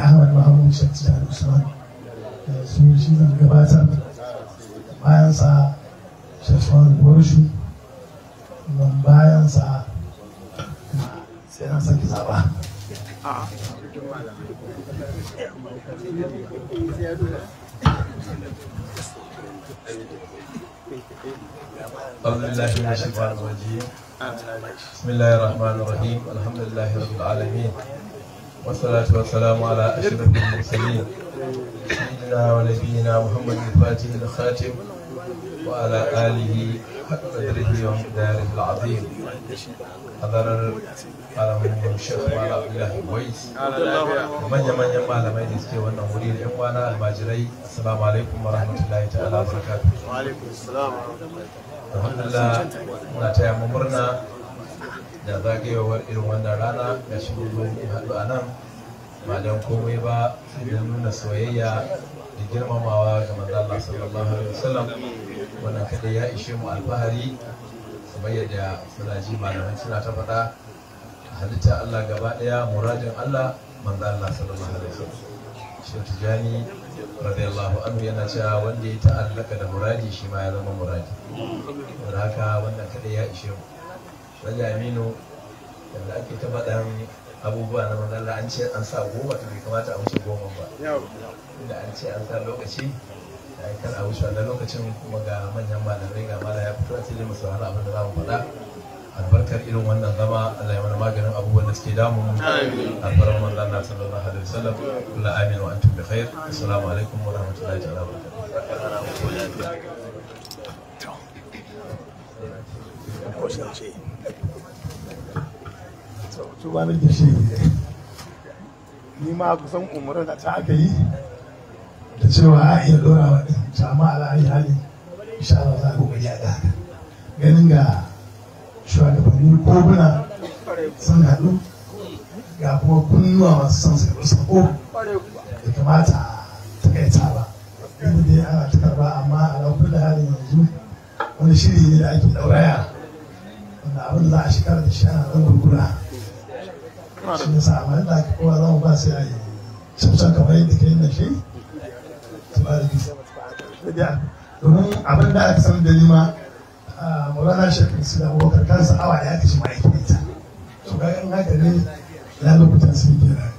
ahmad mahamud shakti al usman su shi zan gabatar bayan sa shafan borshu nan bayan sa sai na saki zaba أعوذ بالله من الشيطان الرجيم بسم الله الرحمن الرحيم الحمد لله رب العالمين والصلاة والسلام على أشرف المرسلين سيدنا ونبينا محمد الفاتح الخاتم وعلى آله حق قدره ومقداره العظيم حضر على محمد الشيخ وعلى عبد الله الويس ومن يمن يمن على ميد السكي والنموري الإخوان الماجري السلام عليكم ورحمة الله تعالى وبركاته وعليكم السلام ورحمة الله الحمد لله نتيم مرنا da zagayowar irin wannan rana ga shi haɗu a nan ba don komai ba da nuna soyayya da girmamawa ga manzo Allah sallallahu alaihi wasallam wannan kada ya ishe mu alfahari kamar yadda suna ji malamai suna ta faɗa halitta Allah gaba ɗaya muradin Allah manzo Allah sallallahu alaihi wasallam shi tijani radiyallahu anhu yana cewa wanda ya ta'allaka da muradi shi ma ya zama muradi don haka wannan kada ya ishe mu daga aminu yadda ake ta faɗan abubuwa na manzala an ce an sa goma to bai kamata a wuce goma ba inda an ce an sa lokaci da ya kan a wuce wannan lokacin kuma ga manyan malamai ga mala ya fito a cikin musu wani abin da za mu faɗa albarkar irin wannan zama Allah ya mana maganin abubuwan da suke damu albarkar manzon Allah sallallahu alaihi wasallam kullu amin wa antum bi khair assalamu alaikum wa rahmatullahi wa barakatuh sautu ba nake ni ma kusan umarar da ta aka yi da cewa a iya dora wa ɗin sama ala'ayi hali insha Allah za ku gani a da ganin ga shugabannin koguna sun haɗu ga kuma kunnuwa masu son su karɓi sako da kamata ta kaita ba inda dai ana ta amma a laukar da halin yanzu wani shiri ne da ake ɗauraya wanda abin za a shekara da shi ana ɗan gurgura shi yasa amma yadda aka kowa za mu ba sai a yi sabsa kamar yadda ka yi na shi tabariki domin abin da aka san da ni ma maulana su da wakar kansa awa ya kashe ma'aikin ita to ga yan haka ne ya lokutan sun kira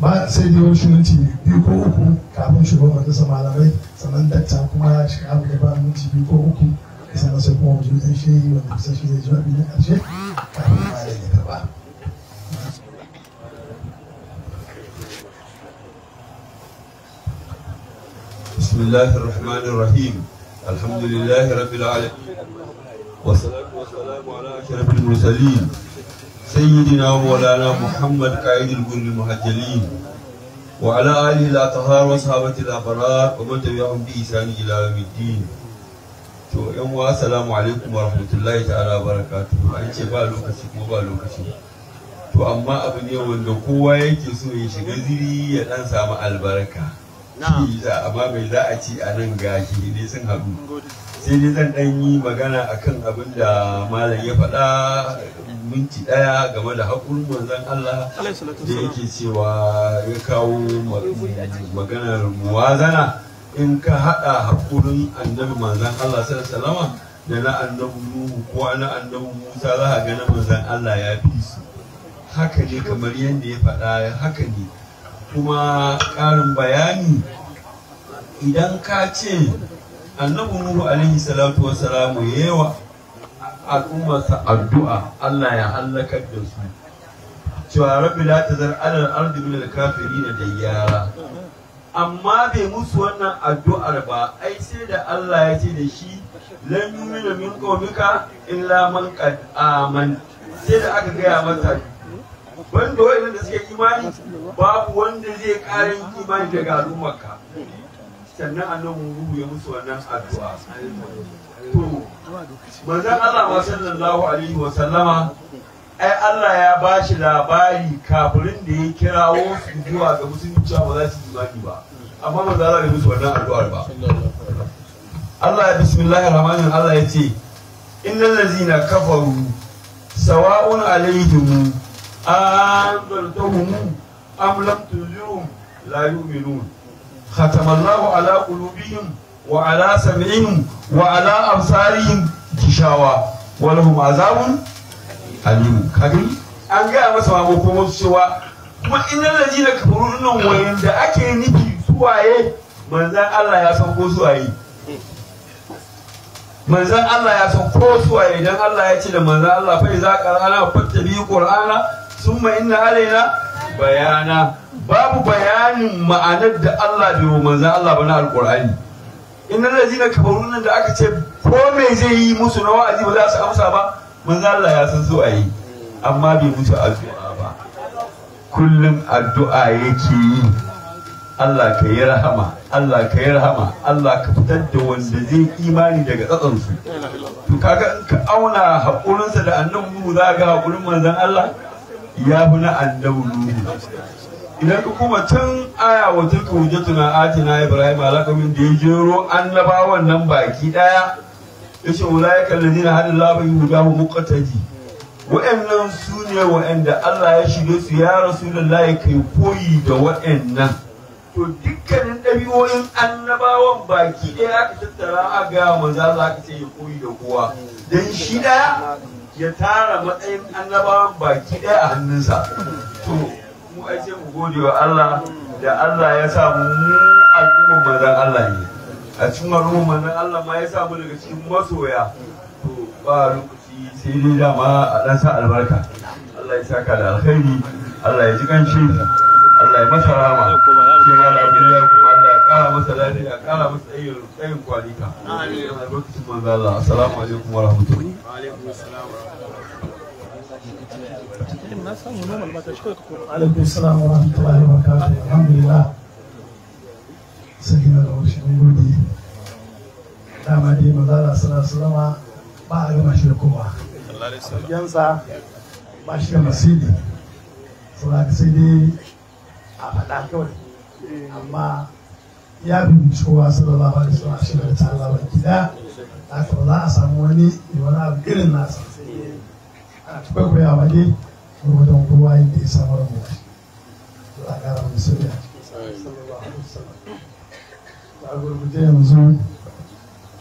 ba sai dai wani shiminti biyu ko uku kafin shugaban da malamai sannan dakta kuma ya shi abu da ba minti biyu ko uku بسم الله الرحمن الرحيم الحمد لله رب العالمين والصلاة والسلام على أشرف المرسلين سيدنا ومولانا محمد قائد الجن المهجلين وعلى آله الأطهار وصحابه الأبرار ومن تبعهم بإحسان إلى يوم الدين to yan uwa assalamu alaikum warahmatullahi ta'ala barakatuh an ce ba lokaci kuma ba lokaci to amma abu ne wanda kowa yake so ya shiga ziri ya dan samu albarka amma mai za a ci a nan gashi ne sun haɗu sai dai zan dan yi magana akan abin da malam ya faɗa minti ɗaya game da haƙurin manzon Allah da yake cewa ya kawo maganar muwazana in ka haɗa haƙurin annabi manzan Allah sallallahu da na annabi Nuhu ko na annabi Musa za a ga na manzan Allah ya fi su haka ne kamar yadda ya faɗa haka ne kuma ƙarin bayani idan ka ce annabi Nuhu alaihi salatu wassalamu yawa al'ummarsa addu'a Allah ya hallakar da su cewa rabbi la tazar alal ardi min al-kafirin da yara amma bai musu wannan addu'ar ba ai sai da Allah ya ce da shi lan yumina min qawmika illa man qad aman sai da aka gaya masa wanda wa'annan da suke imani babu wanda zai karin imani daga al'ummarka sannan annabi ruhu ya musu wannan addu'a to manzon Allah sallallahu alaihi wa sallama ai Allah ya ba shi labari kafirin da ya kirawo su zuwa ga musulunci ba za su yi imani ba amma ba za a yi musu wannan addu'ar ba Allah ya bismillahir rahmanir Allah ya ce innal ladzina kafaru sawa'un alaihim anzartahum am lam tunzirhum la yu'minun khatama ala qulubihim wa ala sam'ihim wa ala absarihim kishawa wani azabun aliyu kari an gaya masa ma kuma cewa kuma inna laji da kafarun nan wanda ake nufi suwaye manzan Allah ya san ko suwaye manzan Allah ya san ko suwaye idan Allah ya ce da manzan Allah fa za ka rana fattabi qur'ana summa inna alaina bayana babu bayanin ma'anar da Allah bai wa manzan Allah ba na alqur'ani inna laji da nan da aka ce ko me zai yi musu na wa'azi ba za su amsa ba Mun Allah ya san so a yi amma bai musu addu'a ba kullum addu'a yake yi Allah ka yi rahama Allah ka yi rahama Allah ka fitar da wanda zai imani daga tsatsansu to kaga ka auna haƙurinsa da annan mu za ga haƙurin manzon Allah ya fi na annan idan ka kuma can aya wa tilka a atina ibrahim alaqamin da ya jero annabawan nan baki ɗaya. yace ulaika alladhina hada Allah bi hudahu muqtadi wa'annan sunne wa'anda Allah ya shige su ya rasulullahi kai koyi da wa'annan to dukkanin ɗabi'o'in annabawan baki ɗaya aka tattara a ga manzo Allah aka ce ya koyi da kowa dan shi ɗaya ya tara matsayin annabawan baki ɗaya a hannunsa to mu aje mu gode wa Allah da Allah ya sa mu al'ummar manzo Allah ne a cikin al'umma manzon Allah ma ya samu daga cikin masoya to ba lokaci sai dai dama a dan sa albarka Allah ya saka da alkhairi Allah ya ji kanshi Allah ya masa rama shi ma ya kuma Allah ya kara masa lafiya ya kara masa tsayin tsayin kwalika amin albarkacin manzon Allah assalamu alaikum wa rahmatullahi wa alaikum assalam wa rahmatullahi alaikum assalam wa rahmatullahi wa barakatuh alhamdulillah Sai sakiya da wasu mun gode dama dai manzala sallallahu alaihi wasallam ba a gama shi da kowa yansa ba shi da masidi saboda sai dai a faɗa kawai amma ya rubuci kowa sallallahu alaihi wasallam a shigar ta Allah baki da haka ba za a samu wani wani abu irin nasa ana tukwai koya ba dai gurgudan kowa yadda ya samar mu shi za a kara musulmi a cikin sallallahu alaihi wasallam da a gurguje yanzu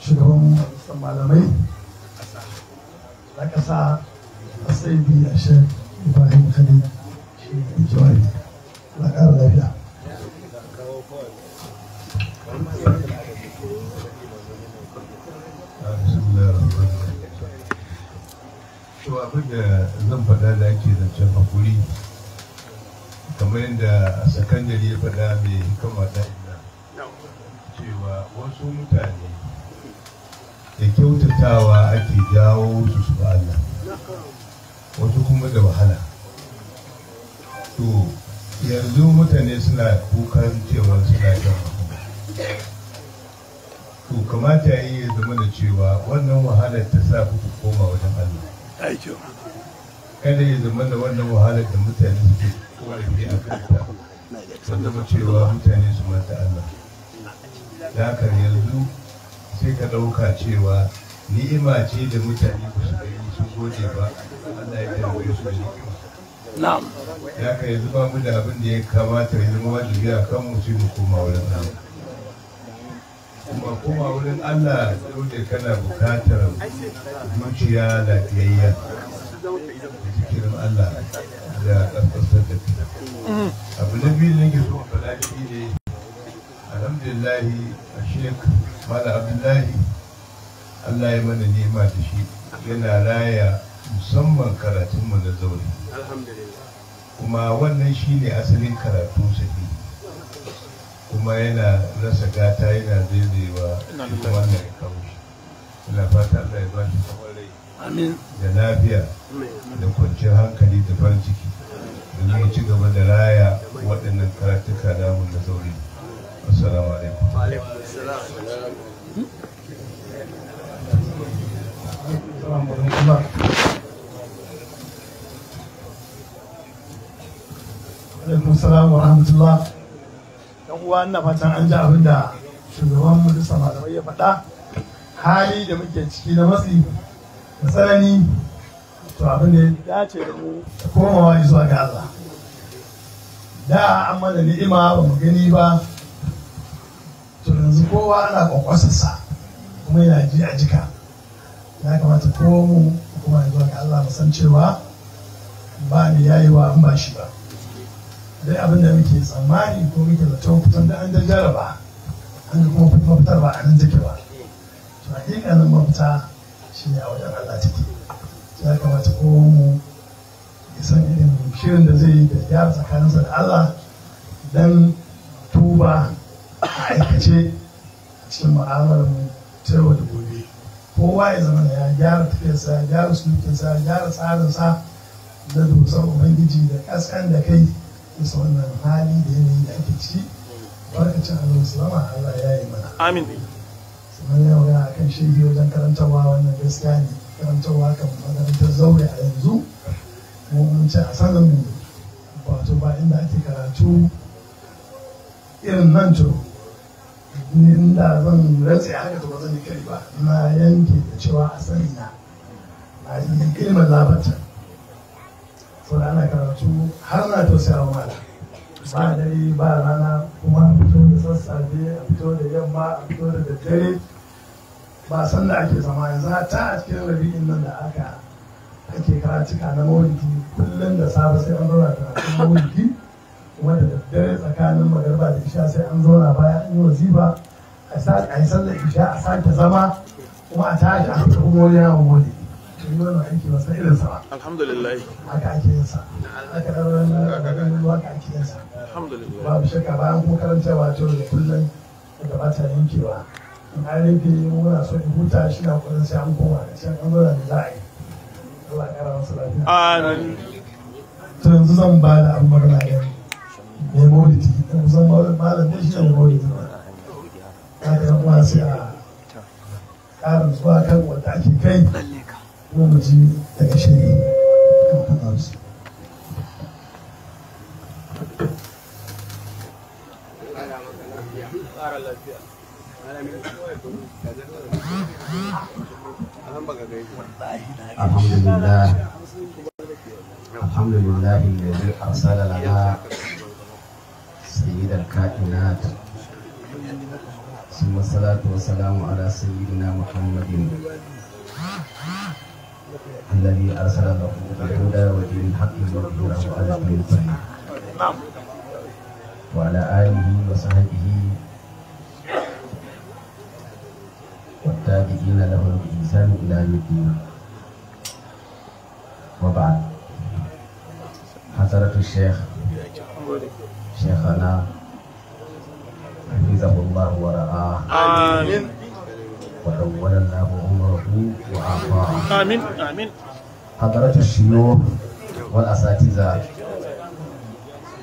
shugaban majalisar malamai na ƙasa a sai biya shek ibrahim khalil shi ne jawabi na ƙara lafiya to abin da zan faɗa da ake zancen hakuri kamar yadda a sakandare ya faɗa mai hikama ɗaya wasu mutane da kyautatawa ake jawo su su Allah wasu kuma da wahala to yanzu mutane suna kukan cewa suna jan to kamata yi ya zama da cewa wannan wahalar ta sa ku koma wajen Allah kada ya zama da wannan wahalar da mutane suke kowa da ke a kanta sannan cewa mutane su manta Allah dakar yanzu sai ka ɗauka cewa ni'ima ce da mutane ba su gani sun gode ba Allah ya tambaye su da na'am ya ka yanzu ba mu da abin da ya kamata ya zama wajibi a kan mu sai mu koma wurin Allah kuma koma wurin Allah dole kana bukatar zuciya lafiyayya da jikirin Allah da ƙasƙasar da abu na biyu da nake so faɗa shi ne alhamdulillah a shek mala abdullahi allah ya mana nema da shi yana raya musamman karatunmu na zaune kuma wannan shi ne asalin karatu sai kuma yana rasa gata yana zaizayewa cikin wannan ya kawo shi ina allah ya ba shi kamar da lafiya da kwanciyar hankali da farin ciki domin ci gaba da raya waɗannan karatuka namun na zaune السلام عليكم وعليكم السلام السلام ورحمة الله alaikum salam wa rahmatullah dan uwa ina fatan an ji abin da shugaban majalisar malamai ya faɗa hali da muke ciki na matsi da tsanani to abin da ya dace da komawa zuwa ga da an ni'ima ba gani ba yanzu kowa ana kwakwasarsa kuma yana ji a jika ya kamata kowa mu kuma yanzu ga Allah san cewa ba ni yayi wa an ba shi ba dai abin muke tsammani ko muke zaton kusan da an da jaraba an ga kuma fitar ba a nan take ba to hakikanin mafita shi ne a wajen Allah take ya kamata kowa mu ya san irin shirin da zai yi da gyara tsakaninsa da Allah dan tuba a aikace cikin mu'amalar mu ta yau da gobe kowa ya zama ya gyara tafiyarsa ya gyara sulukinsa ya gyara tsarinsa da dusar ubangiji da kaskan da kai bisa wannan hali da yanayi da ake ci barkacin annabi salama Allah ya yi mana amin sannan yau ga kan shirgi wajen karantarwa wannan gaskiya ne karantarwa kan makarantar zaure a yanzu mun ce a sanin wato ba inda ake karatu irin nan to da zan rantsa haka to ba zan yi kai ba na yanke da cewa a sani na a yi ilimin labarta so da ana karatu har na tausayawa mala ba dai, ba rana kuma a fito da sassafe a fito da yamma a fito da daddare ba san da ake zama yanzu ta a cikin rabi'in nan da aka ake karatuka na mawulidi kullum da safe sai an zauna karatun mawulidi wanda da daddare tsakanin magarba da isha sai an zauna baya, an yi wazifa a yi sallar isha a sake zama kuma a tashi a hankali kuma wani yawon gode to yi wannan aiki ba sai irin sa alhamdulillah haka ake yin sa haka ɗan waka ake yin sa alhamdulillah babu shakka bayan kuma karantarwa ta da kullum da ba ta yankewa in an rufe muna so in huta shi na kullum sai an koma da shi an zauna da za a yi Allah ya kara masa lafiya. Amin. To yanzu zan ba da abu magana yau. mai maulidi in kusan malam ne shi ne maulidi ba kaga kuma sai a ƙara zuwa kan wanda ake kai kuma mu daga shirin الحمد لله الحمد لله الذي لنا سيد الكائنات ثم الصلاة والسلام على سيدنا محمد الذي أرسل له بالهدى ودين الحق وابنه على المرسلين وعلى آله وصحبه والتابعين له بإحسان إلى يوم الدين وبعد حضرة الشيخ شيخنا حفظه الله ورعاه آمين وحول الله عمره وعافاه آمين آمين حضرة الشيوخ والأساتذة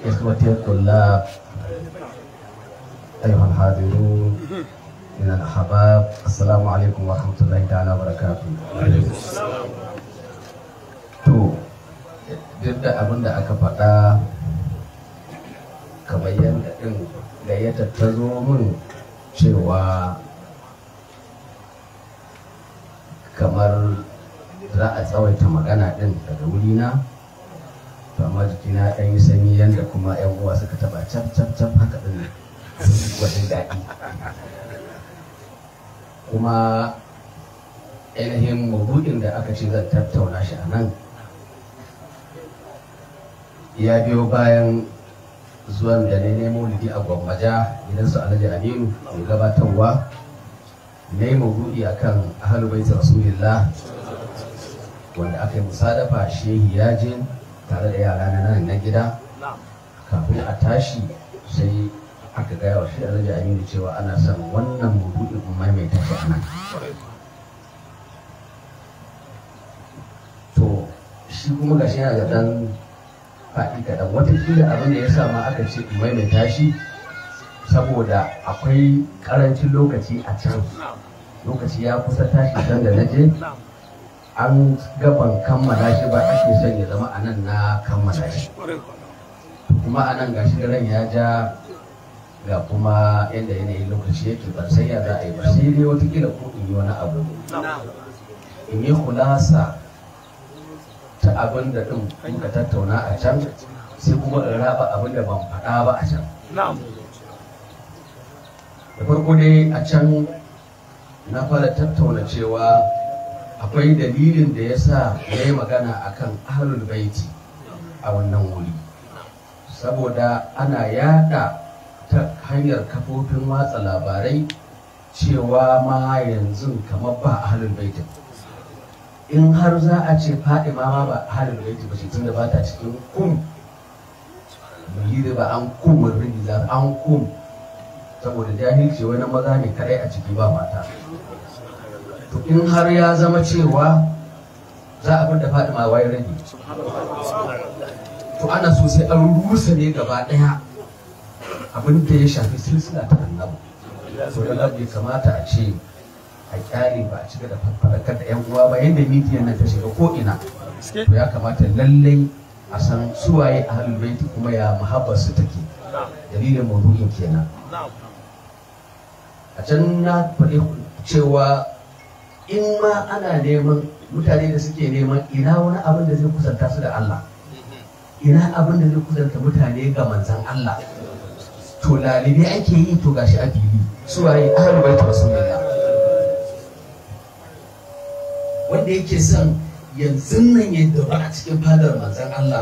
إخوتي الطلاب أيها الحاضرون من الأحباب السلام عليكم ورحمة الله تعالى وبركاته وعليكم السلام تو duk da abin da aka kamar yadda ɗin da ya tattazo min cewa kamar za a tsawaita magana ɗin daga wurina to amma jikina ɗan yi sanyi yadda kuma 'yan uwa suka taba cap cap cap haka ɗin wajen daɗi kuma ainihin mabuɗin da aka ce zan tattauna shi a nan ya biyo bayan zuwa da ne ke a gwammaja idan su alhaji aminu mai gabatarwa na yi maudu'i a kan rasulillah wanda aka yi musadafa shehi yajin tare da yara na nan na gida kafin a tashi sai aka gaya wa shi alhaji aminu cewa ana son wannan maudu'i umar mai tafi a nan to shi kuma gashi yana da dan faɗi kaɗan kila abin da ya sa ma aka ce maimaita shi saboda akwai ƙarancin lokaci a can lokaci ya kusa tashi can da naje an gaban kammala shi ba ake son ya zama a nan na kammala shi kuma a nan gashi daren ya ja ga kuma yadda yanayin lokaci yake ban sai ya za a yi ba sai dai watakila ko in yi wani abu in yi hulasa ta abin da ɗin muka tattauna a can sai kuma in raba abin da ban faɗa ba a can da farko dai a can na fara tattauna cewa akwai dalilin da ya sa ya yi magana a kan ahalul baiti a wannan wuri saboda ana yada ta hanyar kafofin watsa labarai cewa ma yanzu kamar ba ahalul baitin in har za a ce faɗi ma ba halin da ba ce tun da ba ta cikin kum da ba an wani wurin za an kun. saboda jahilci wani maza ne kadai a ciki ba mata to in har ya zama cewa za a bar da ma wai to ana so sai an rusa ne gaba ɗaya. abin da ya shafi silsila ta annabi to da kamata a ce a kyale ba a cika da faɗakar da yan uwa ba yadda midiyan nan ta shiga ko ina to ya kamata lallai a san suwaye ahlul baiti kuma ya muhabbar su take dalilin maudu'in kenan a can na faɗi cewa in ma ana neman mutane da suke neman ina wani abin da zai kusanta su da Allah mm-hmm. ina abin da zai kusanta mutane ga manzan Allah to lalibi ake yi to gashi a fili suwaye ahlul baiti rasulullah wanda yake son yanzu nan ya daba a cikin fadar manzan Allah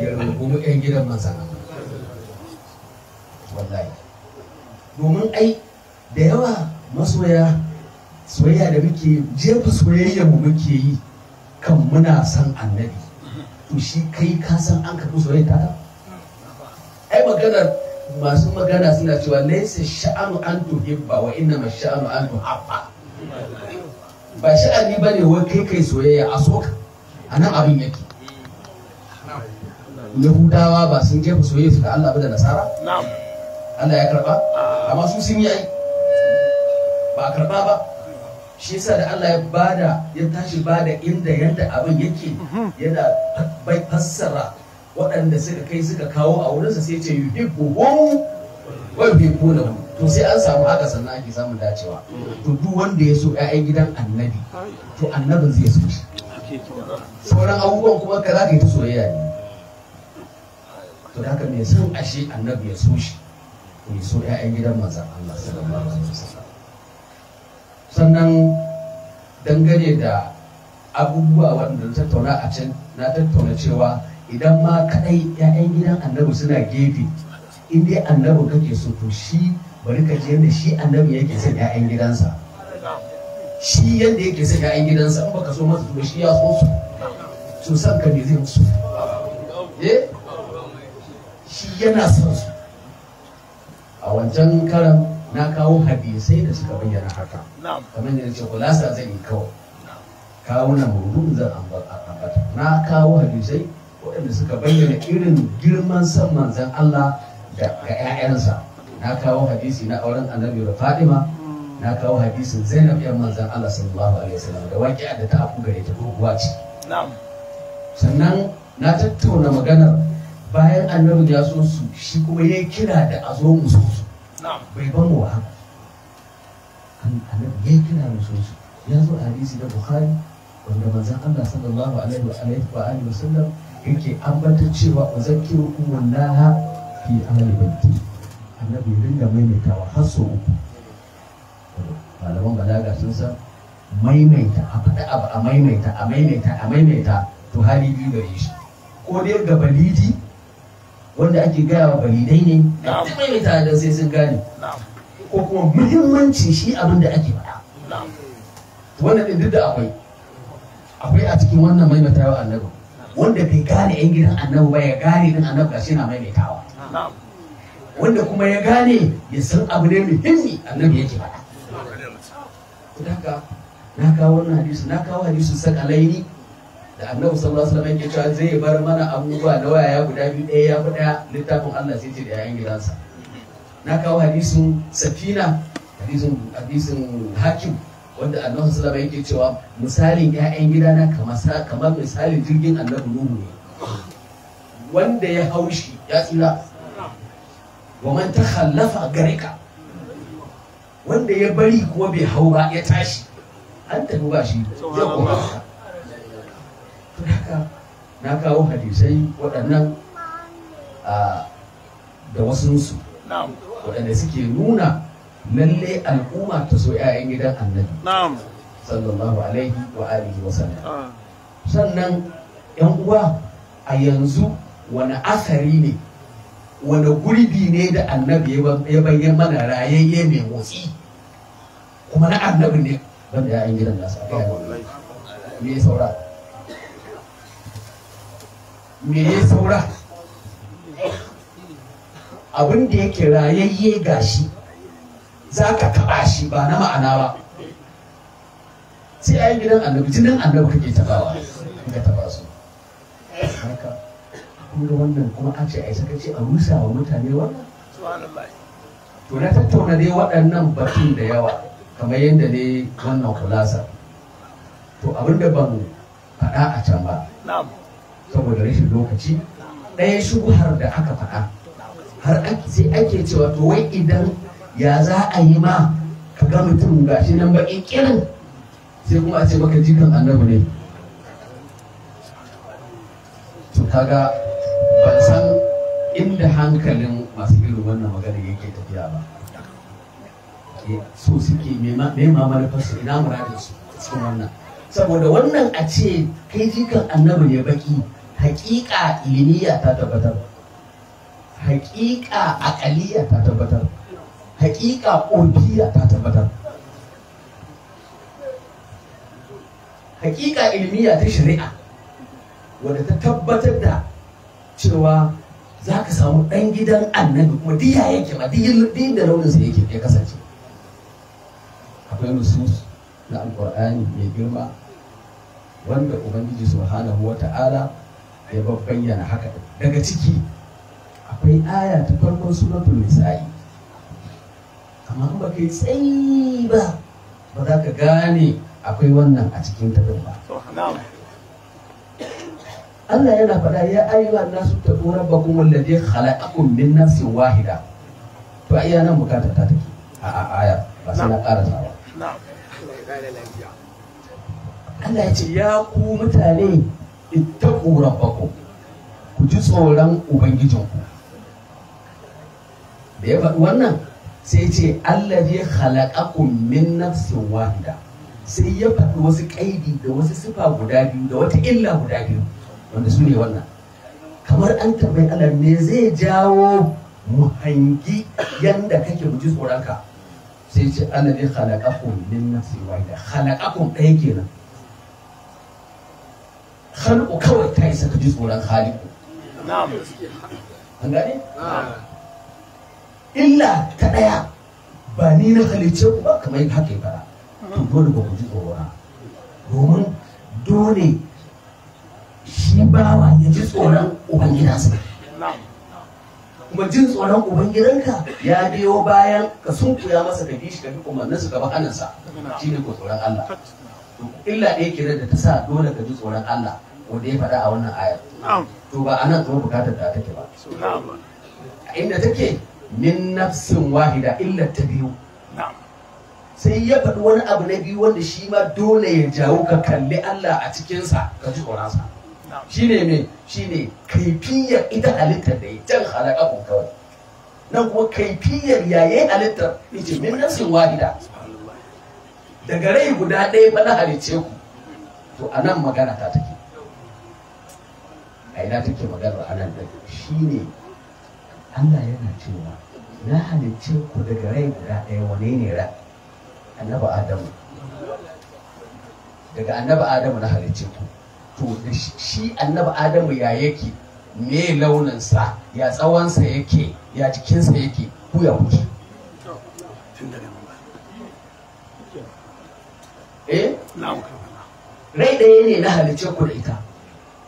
ya mu 'yan gidan manzan Allah wallahi domin ai da yawa masoya soyayya da muke jefa soyayya mu muke yi kan muna son annabi to shi kai ka san an karɓi soyayya ta ai maganar masu magana suna cewa laisa sha'anu an tuhibba wa inna ma sha'anu an tuhabba ba sha'ani ba ne wai kai kai soyayya a so a nan abin yake yahudawa ba sun jefa soyayya su ga Allah ba da nasara Allah ya karba ah. amma su sun yi ba a karba ba shi yasa da Allah ya bada ya tashi bada inda yanda abin yake yana bai fassara waɗanda suka kai suka kawo a wurinsa sai ce yuhibbuhum wa mu? to sai an samu haka sannan ake samun dacewa to duk wanda ya so ƴaƴan gidan annabi to annabin zai so shi sauran abubuwan kuma ka za ka yi ta soyayya ne to haka mai son ashe annabi ya so shi to ya so ƴaƴan gidan manzon Allah sallallahu alaihi wasallam sannan dangane da abubuwa wanda na tattauna a can na tattauna cewa idan ma kadai 'ya'yan gidan annabi suna gefe in dai annabi kake so to shi bari ka ji yadda shi annabi yake son 'ya'yan gidansa shi yadda yake son 'ya'yan gidansa in baka so masa to shi ya so su to san ka ne zai musu eh shi yana son su a wancan karan na kawo hadisai da suka bayyana haka kamar yadda ce kulasa zai yi kawai kawo na maudu zan ambata na kawo hadisai waɗanda suka bayyana irin girman san manzan Allah ga 'ya'yansa na kawo hadisi na auren annabi da fadima na kawo hadisin zainab yan manzan allah sallallahu alaihi wasallam da waƙiya da ta afu gare ta gurguwa ce sannan na tattauna maganar bayan annabi ya so su shi kuma ya kira da a zo mu so su bai ban mu ba annabi ya kira mu so su ya zo a hadisi da bukhari wanda manzan allah sallallahu alaihi wa alihi wasallam yake ambata cewa uzakirukum wallaha fi ahli baiti annabi dinga maimaitawa har sau uku malaman balaga sun san maimaita a faɗi abu a maimaita a maimaita a maimaita to hali biyu gare shi ko dai ga balidi wanda ake gaya wa balidai ne da duk maimaita da sai sun gane ko kuma muhimmanci shi abin da ake faɗa wannan ɗin duk da akwai akwai a cikin wannan maimaitawa annabi wanda bai gane yan gidan annabi ba ya gane din annabi shi na maimaitawa wanda kuma ya gane ya san abu ne muhimmi annabi yake faɗa na kawo wannan hadisi na kawo hadisin sakalaini da annabi sallallahu alaihi wasallam yake cewa zai bar mana abubuwa na waya guda biyu ɗaya ya fi ɗaya littafin Allah sai ce da yayin gidansa na kawo hadisin safina hadisin hadisin hakim wanda annabi sallallahu alaihi yake cewa misalin ƴaƴan gidana kamar kamar misalin jirgin annabi nuhu ne wanda ya haushi ya tsira wa man takhallafa garika wanda ya bari kuma bai hau ba ya tashi an tafi ba shi ya kuma to haka na kawo hadisai waɗannan da wasu wasunsu waɗanda suke nuna lallai al'umma ta so 'ya'yan gidan annabi sallallahu alaihi wa alihi wa ah. sannan 'yan uwa a yanzu wani asari ne wani gurbi ne da annabi ya bayyana mana rayayye mai motsi kuma na annabi ne wanda ya yi gidan nasa me ya saura me ya saura abin da yake rayayye gashi za ka taɓa shi ba na ma'ana ba sai a yi gidan annabi jinin annabi kake taɓawa ka taɓa su kuma wannan kuma a ce a yi sakaci a rusa wa mutane wannan to na tattauna dai waɗannan batun da yawa kamar yadda ne wannan kulasa to abinda ban faɗa a can ba saboda rashin lokaci ɗaya shuhar da aka faɗa har sai ake cewa to wai idan ya za a yi ma ka ga mutum gashi nan ba ƙirƙirin sai kuma a ce maka jikan annabi ne to kaga ban san inda hankalin masu irin wannan magana yake tafiya ba so suke nema manufarsu ina su cikin wannan saboda wannan a ce kai jikan annabi ne baki hakika ilmiya ta tabbatar hakika akaliya ta tabbatar hakika ƙurbiya ta tabbatar hakika ilmiya ta shari'a wadda ta tabbatar da cewa za ka samu ɗan gidan annabi kuma duk ya yake ma duk da sa yake ya kasance akwai nusus na alkur'ani mai girma wanda ubangiji subhanahu wa ta'ala ya bayyana haka daga ciki akwai aya ta farkon suratul nisa'i amma ba kai tsayi ba ba za ka gane akwai wannan a cikin ta ba Allah yana faɗa ya ayyuhan nasu taqu rabbakum alladhi khalaqakum min nafsi wahida to a iya nan bukatar ta take a a aya ba sai na ƙara sawa Allah ya ce ya ku mutane ittaqu bakun ku ji tsoron ubangijinku da ya faɗi wannan sai ce Allah zai khalaqakum min nafsin wahida sai ya faɗi wasu ƙaidi da wasu sifa guda biyu da wata illa guda biyu wanda su ne wannan kamar an tambayi Allah ne zai jawo mu hangi yanda kake mu tsoronka sai ce Allah ne khalaqakum min nafsin wahida khalaqakum ɗaya kenan khalqu kawai ta isa ka ji tsoron haliku. an gane illa ta ɗaya ba ni na halice ku ba kamar haka ya fara to dole ba ku ji tsoro domin dole shi bawa ya ji tsoron ubangidansa kuma jin tsoron ubangidanka ya biyo bayan ka sunkuya masa ka bi shi ka bi umarninsa ka bi shi ne ko tsoron Allah illa ɗaya kiran da ta sa dole ka ji tsoron Allah wanda ya faɗa a wannan ayar to ba a nan kuma bukatar da take ba a inda take min nafsin wahida illa ta biyu sai ya faɗi wani abu na biyu wanda shi ma dole ya jawo ka kalli Allah a cikinsa ka ji tsoronsa shine me shine kaifiyar ita halittar da ya can halakakun kawai nan kuma kaifiyar yayin halittar ya ce min nafsin wahida daga rai guda ɗaya ba na halicce ku to a nan magana ta take a ina take magana a nan shi ne Allah yana cewa na halicce ku daga rai guda ɗaya wane ne ra annabi adamu daga annabi adamu na halicce ku to da shi annabi adamu ya yake me launinsa ya tsawonsa yake ya jikinsa yake ku ya kushi eh? rai ɗaya ne na halice ku da ita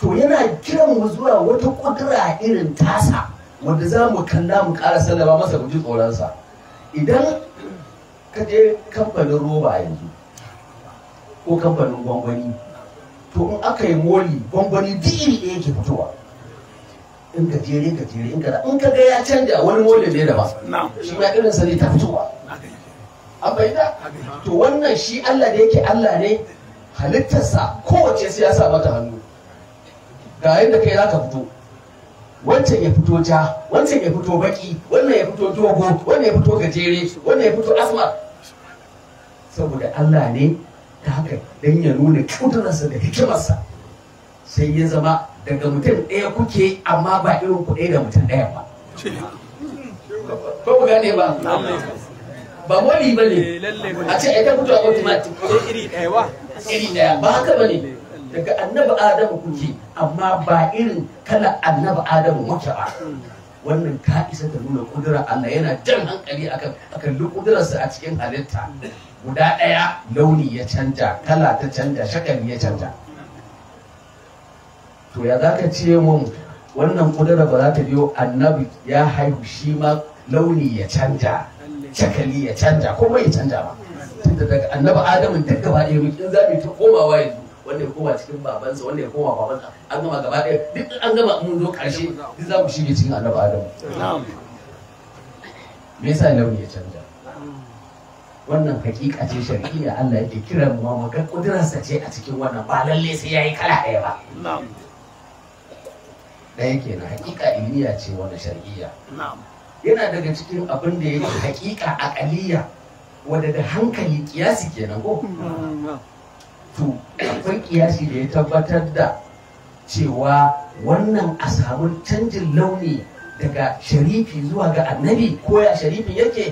to yana kiran mu zuwa wata kudura irin tasa wanda za mu kalla mu ƙara sallama masa mu tsoronsa idan kaje je kamfanin roba yanzu ko kamfanin gwangwani to in aka yi moli gwangwani diri ɗaya yake fitowa in gajere gajere in gada in kaga ya canja wani molin ne da ba shi ma irin sa ta fitowa an da to wannan shi Allah da yake Allah ne halittarsa kowace sai ya sa mata hannu ga yadda kai za ka fito wancan ya fito ja wancan ya fito baki wannan ya fito dogo wannan ya fito gajere wannan ya fito asma saboda Allah ne ta haka don ya nuna kudurarsa da hikimarsa sai ya zama daga mutum ɗaya kuke amma ba irin ku ɗaya da mutum ɗaya ba ko gane ba ba wani ba ne a ce ai ta fito a automatic eh, iri ɗaya wa. iri ɗaya ba haka ba ne daga annabi adamu kuke amma ba irin kala annabi adamu muke ba wannan ka isa ta nuna kudura Allah yana jan hankali akan akan duk kudurarsa a cikin halitta guda ɗaya launi ya canja kala ta canja shakali ya canja to ya za ka ce mun wannan kudura ba za ta biyo annabi ya haihu shi ma launi ya canja shakali ya canja ko ya canja ba tunda daga annabi adamu duk gaba ɗaya in za mu ta komawa yanzu wanda ya koma cikin babansa wanda ya koma babansa an gama gaba ɗaya duk an gama mun zo ƙarshe duk za mu shige cikin annabi adamu me yasa launi ya canja wannan hakika ce shari'a Allah yake kira mu ma ga kudurarsa ce a cikin wannan ba lalle sai yayi kala ɗaya ba yake kenan hakika ilmiya ce wannan shari'iyya yana daga cikin abin da yake hakika aqaliyya wanda da hankali kiyasi kenan ko to akwai kiyasi da ya tabbatar da cewa wannan a samu canjin launi daga sharifi zuwa ga annabi ko ya sharifi yake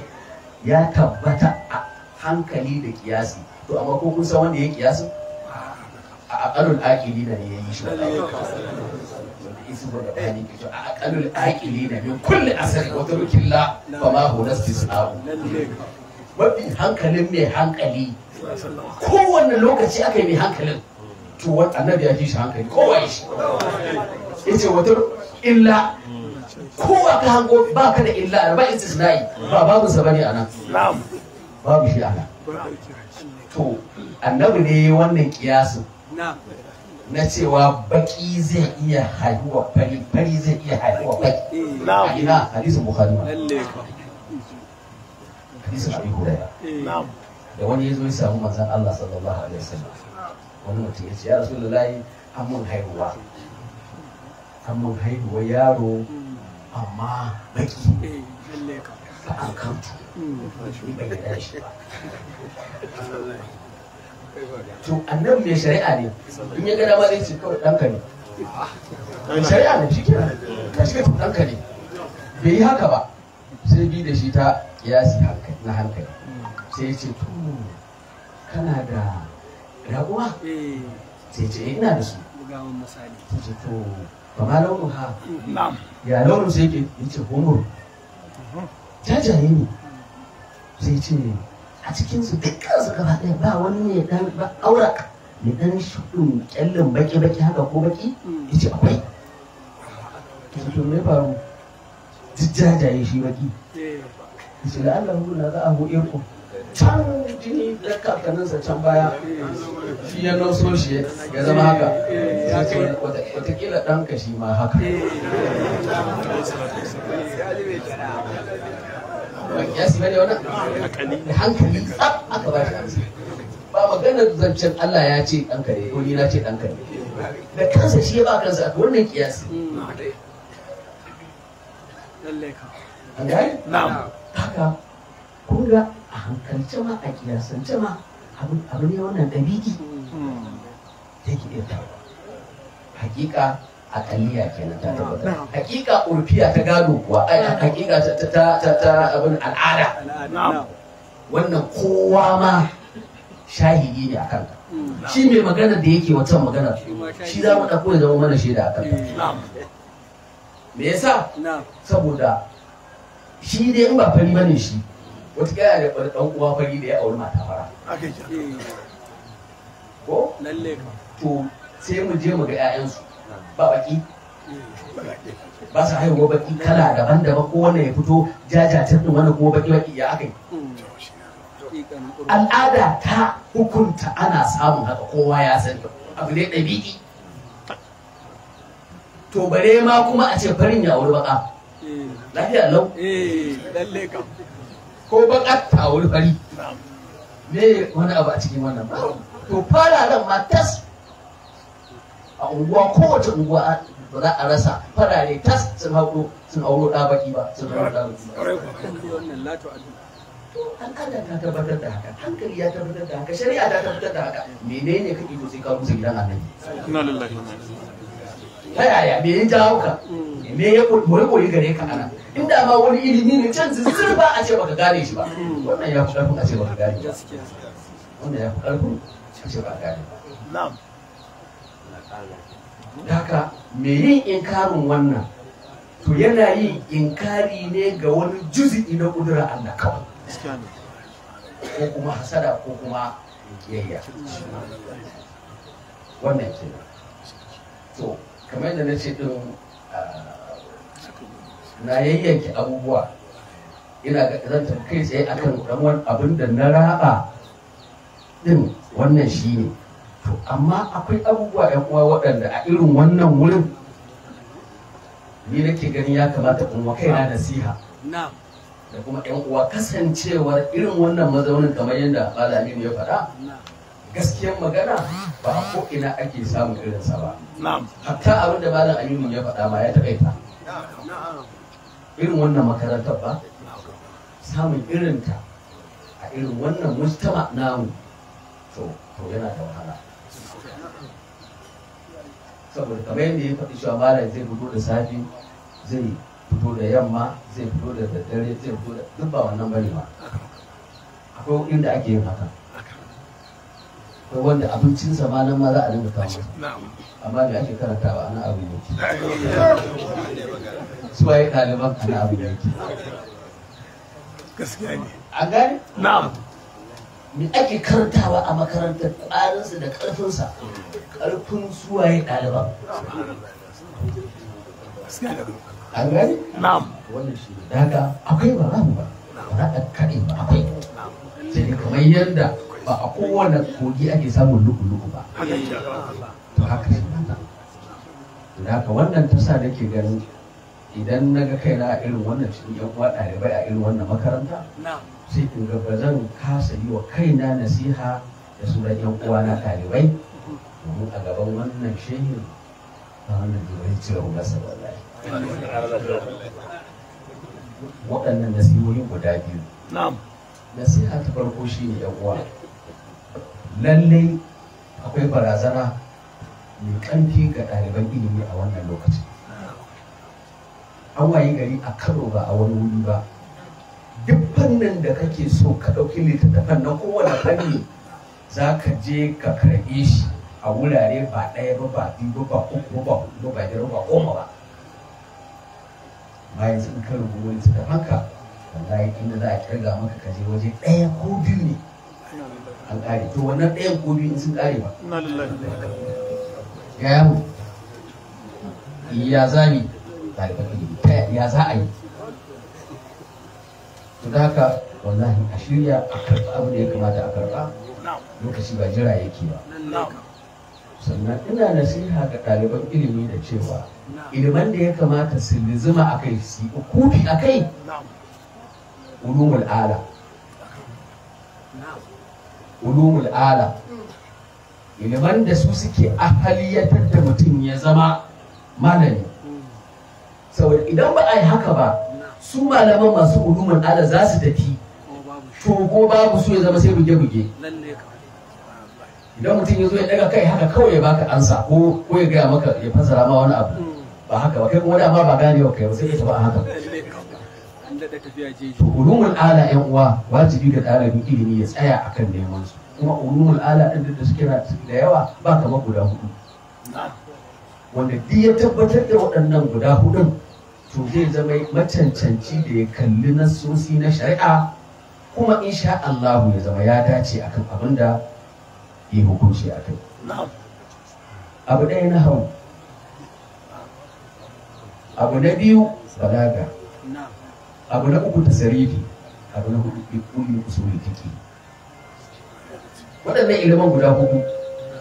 ya tabbata a hankali da kiyasi to amma ko kun san wanda ya kiyasi a aqalul aqili da ya yi shi isu da bani ke a aqalul aqili da min kulli asr wa turkilla fa ma huwa istisna'u mafi hankalin mai hankali kowanne lokaci aka yi mai hankalin to annabi ya ji shi hankali kowa ya shi yace wata illa kowa ka hango ba ka da illa ba istisna'i ba babu sa bane anan na'am babu shi anan to annabi ne wannan kiyasin na cewa baki zai iya haihuwa fari fari zai iya haihuwa baki a ina hadisin bukhari ma hadisin abi hurairah da wani ya zo ya samu manzon Allah sallallahu alaihi wasallam wani mutum ya ce ya rasulullahi an mun haihuwa an mun haihuwa yaro amma baki ba eh, a kan ni bai gada shi ba to annabi mai shari'a ne in ya gada ma zai ce kawai ɗanka ne shari'a ne shi kenan ka shiga to ɗanka ne bai yi haka ba sai bi da shi ta yasi na hankali sai ya ce to kana da raguwa eh. sai ce eh, ina da su bugawan misali sai ce to ba ma ha ya launin sai ke yace homo jajaye ne sai ce a cikinsu su dukkan su ɗaya ba wani ne ya ba aura ne dan shudin kyallin baki baki haka ko baki ce akwai to me faru duk jajaye shi baki eh. yace la Allah na za a hu ku. can jini da kakanninsa can baya shi ya noso shi ya zama haka watakila ɗanka shi ma haka yasi bane wani. da hankali tsab aka ba shi amsa ba maganar zancen Allah ya ce ɗanka ne ko ni na ce ɗanka ne da kansa shi ya ba kansa a wannan kiyasi an gani? na'am haka kun ga a hankalce ma a kiyasance ma abu ne wannan dabiki da ke iya faruwa hakika akaliya kenan ta tabbatar. hakika urfiya ta gado kuwa hakika ta ta ta ta abin al'ada wannan kowa ma shahidi ne akan shi mai magana da yake wancan magana shi za mu ɗauko ya zama mana shaida akan me yasa saboda shi dai in ba fari bane shi wata kira da ɗan uwa fari da ya auri mata fara eh. ko lalle ka to sai mu je mu ga 'ya'yansu ba baki eh, ba su haihuwa baki kala daban-daban ko wannan ya fito jajacen ɗin wani, kuma baki-baki ya aka yi hmm. al'ada ta hukunta ana samun haka kowa ya sani abu ne ɗabi'i to bare ma kuma a ce farin ya auri baka eh. lafiya lau lalle kam ko bakatta a wani fari me wani abu a cikin wannan ba to ran ma tas a unguwa kowace unguwa ba za a rasa farare tas sun hauro sun auro da baki ba sun auro da baki ba to an kada ta tabbatar da haka hankali ya tabbatar da haka shari'a ta tabbatar da haka menene kake to sai ka rusa gidan annabi inna lillahi ta yaya me yin jawo ka hmm. me ya koyi koyi gare ka ana inda ba wani ilimi ne can zizzir ba a ce baka gane shi ba wannan ya fi karfin a ce baka gane wannan ya fi karfin a ce baka gane haka me yin inkarin wannan to yana yi inkari ne ga wani juzi'i na kudura Allah kawai ko kuma hasada ko kuma yayya. wannan kenan to kamar yadda na ce din ah, na yayyanke abubuwa ina ga zanta kai tsaye akan dan wani abin da na raba ɗin wannan shi ne. to amma akwai abubuwa yan uwa waɗanda a irin wannan wurin ni nake gani ya kamata in wa kaina nasiha da kuma yan uwa kasancewa irin wannan mazaunin kamar yadda aminu ya faɗa gaskiyar magana ba a ina ake samun irinsa ba hatta abin da malam aminu ya faɗa ma ya taƙaita irin wannan makarantar ba samun irin ta a irin wannan mustama namu to to yana da wahala saboda kamar yadda ya faɗi cewa malam zai fito da safi zai fito da yamma zai fito da daddare zai fito da duk ba wannan bane ba akwai inda ake yin haka akwai wanda abincinsa ma nan ma za a dinga kawo amma da ake karantawa ana abu ne su waye ɗaliban ana abu ne gaskiya ne a gani na'am me ake karantawa a makarantar ƙwarinsa da ƙarfinsa ƙarfin suwaye ɗaliban A gani na'am wannan shi daga akwai ba ba ba za a kaɗe ba akwai sai kamar yadda ba a kowane kogi ake samun luku-luku ba to haka shi sunanta da haka wannan tasa da ke ganin idan na ga kaina a irin wannan cikin yan uwa ɗalibai a irin wannan makaranta sai in ga ba zan kasa yi wa kaina nasiha da sunan yan uwa na ɗalibai domin a gaban wannan shehin ta wannan jirai cire masa wallahi waɗannan nasihohin guda biyu nasiha ta farko shine yan uwa lallai akwai barazana mai ƙarfi ga ɗaliban ilimi a wannan lokacin an wayi gari a kano ba a wani wuri ba duk fannin da kake so ka ɗauki littattafan na kowane fanni za ka je ka karɓe shi a wurare ba ɗaya ba ba biyu ba uku ba hudu ba biyar ba goma ba bayan sun karo wani littattafanka wallahi inda za a kirga maka kaje waje ɗaya ko biyu ne an ƙare to wannan ɗayan ko biyu sun ƙare ba ya mu ya za ni ya za a yi to da haka wallahi a shirya a karɓa abu da ya kamata a karɓa lokaci ba jira yake ba sannan ina nasiha ga ɗaliban ilimi da cewa ilimin da ya kamata su zuma a kai su yi ukufi a kai ulumul ala ulumul ala iliman da su suke ahaliyatar da mutum ya zama malami saboda idan ba a yi haka ba su malaman masu ulumul ala za su tafi to ko babu su ya zama sai buge-buge idan mutum ya zo ya daga kai haka kawai ya baka ansa ko ko ya gaya maka ya fassara ma wani abu hmm. ba haka ba kai kuma dama ba gane wa kai ba sai ya taba haka daɗa tafiya jeji. ala ‘yan uwa wajibi ga ɗalibin ilimi ya tsaya akan neman su. Kuma ulumul ala ɗin da suke da yawa ba kama guda hudu. Wanda duk ya tabbatar da waɗannan guda hudun to zai zama macancanci da ya kalli nassosi na shari'a kuma insha Allahu ya zama ya dace akan abin da ya hukunci a kai. Abu ɗaya na hau. Abu na biyu balaga. abu na uku da abu na hudu ilmin usulul kike waɗannan ilimin guda hudu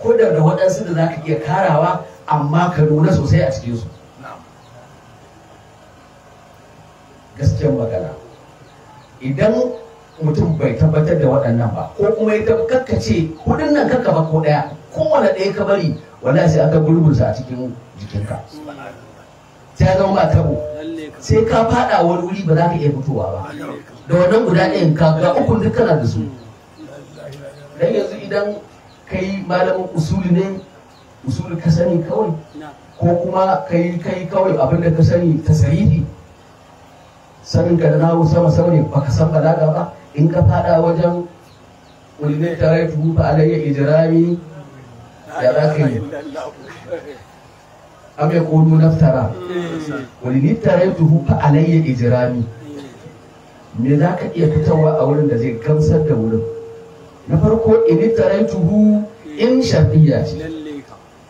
ko da da waɗansu da za ka iya karawa amma ka nuna sosai a cikinsu. gaskiyar magana idan mutum bai tabbatar da waɗannan ba ko kuma ya ce hudun nan kakka ba ko ɗaya kowane ɗaya ka bari wala sai aka gurgunsa a cikin jikinka ta zama ba tabo sai ka fada wani wuri ba za ka iya fitowa ba da wannan guda ɗayan ka ga ukun duk kana da su dan yanzu idan kai malamin usuli ne usuli ka sani kawai ko kuma kai kai kawai abin da ka sani ta sanin ka da nawo sama sama ne baka san balaga ba in ka fada wajen wani ne tare tuhu fa alayya ijrami ya za ka yi am yaqulu naftara mm. wani wal niftaraytuhu fa alayya ijrami me za ka iya fitarwa a wurin da zai gamsar da wurin na farko in niftaraytuhu in shar'iyya ce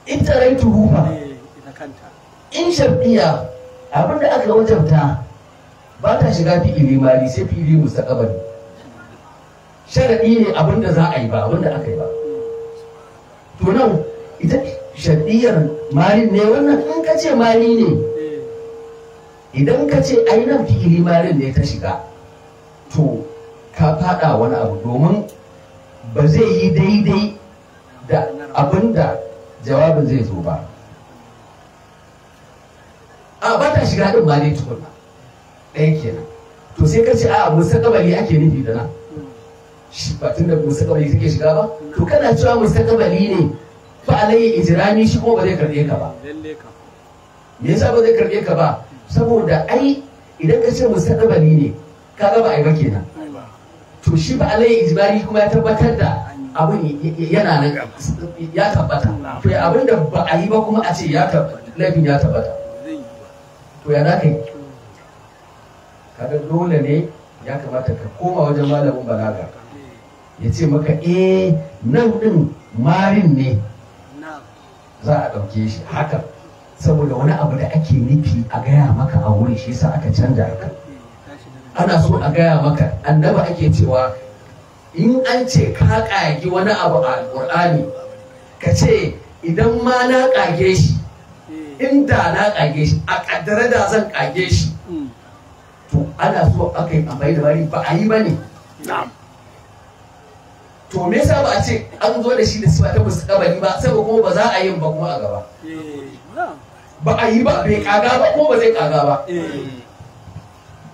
in taraytuhu fa eh, in shar'iyya abinda aka wajabta ba ta shiga fi'ili mali sai fi'ili mustaqbali sharadi ne abinda za a yi ba abinda aka yi ba mm. to nan ita shaddiyar mari ne wannan in ka ce mari ne idan ka ce ainihin fi'ili marin ne ta shiga to ka fada wani abu domin ba zai yi daidai da abin da jawabin zai zo ba a ba ta shiga ɗin mari tukuna ɗaya kenan to sai ka ce a musaƙabali ake nufi da nan shi tun da musaƙabali take shiga ba to kana cewa musaƙabali ne fa alayya ijrami shi ko ba zai karbe ka ba me yasa ba zai karbe ka ba saboda ai idan ka ce mustaqbali ne ka ga ba ai ba kenan to shi fa alayya ijbari kuma ya tabbatar da abin yana nan ya tabbata to abin da ba a yi ba kuma a ce ya tabbata laifin ya tabbata to ya zaka yi kaga dole ne ya kamata ka koma wajen malamin balaga eh. ya ce maka eh nan din marin ne za a ɗauke shi haka saboda wani abu da ake nufi a gaya maka a wuri shi sa aka canza haka ana so a gaya maka annaba ake cewa in an ce ka ƙagi wani abu a alƙur'ani ka ce idan ma na ƙage shi in da na ƙage shi a ƙaddare da zan ƙage shi hmm. to ana so aka yi amfani da bari ba a yi ba ne to me yasa ba a ce an zo da shi da sifa ta mustaqbali ba saboda kuma ba za a yin ba kuma a gaba eh, ba a yi ba bai kaga ba ko ba zai kaga ba eh.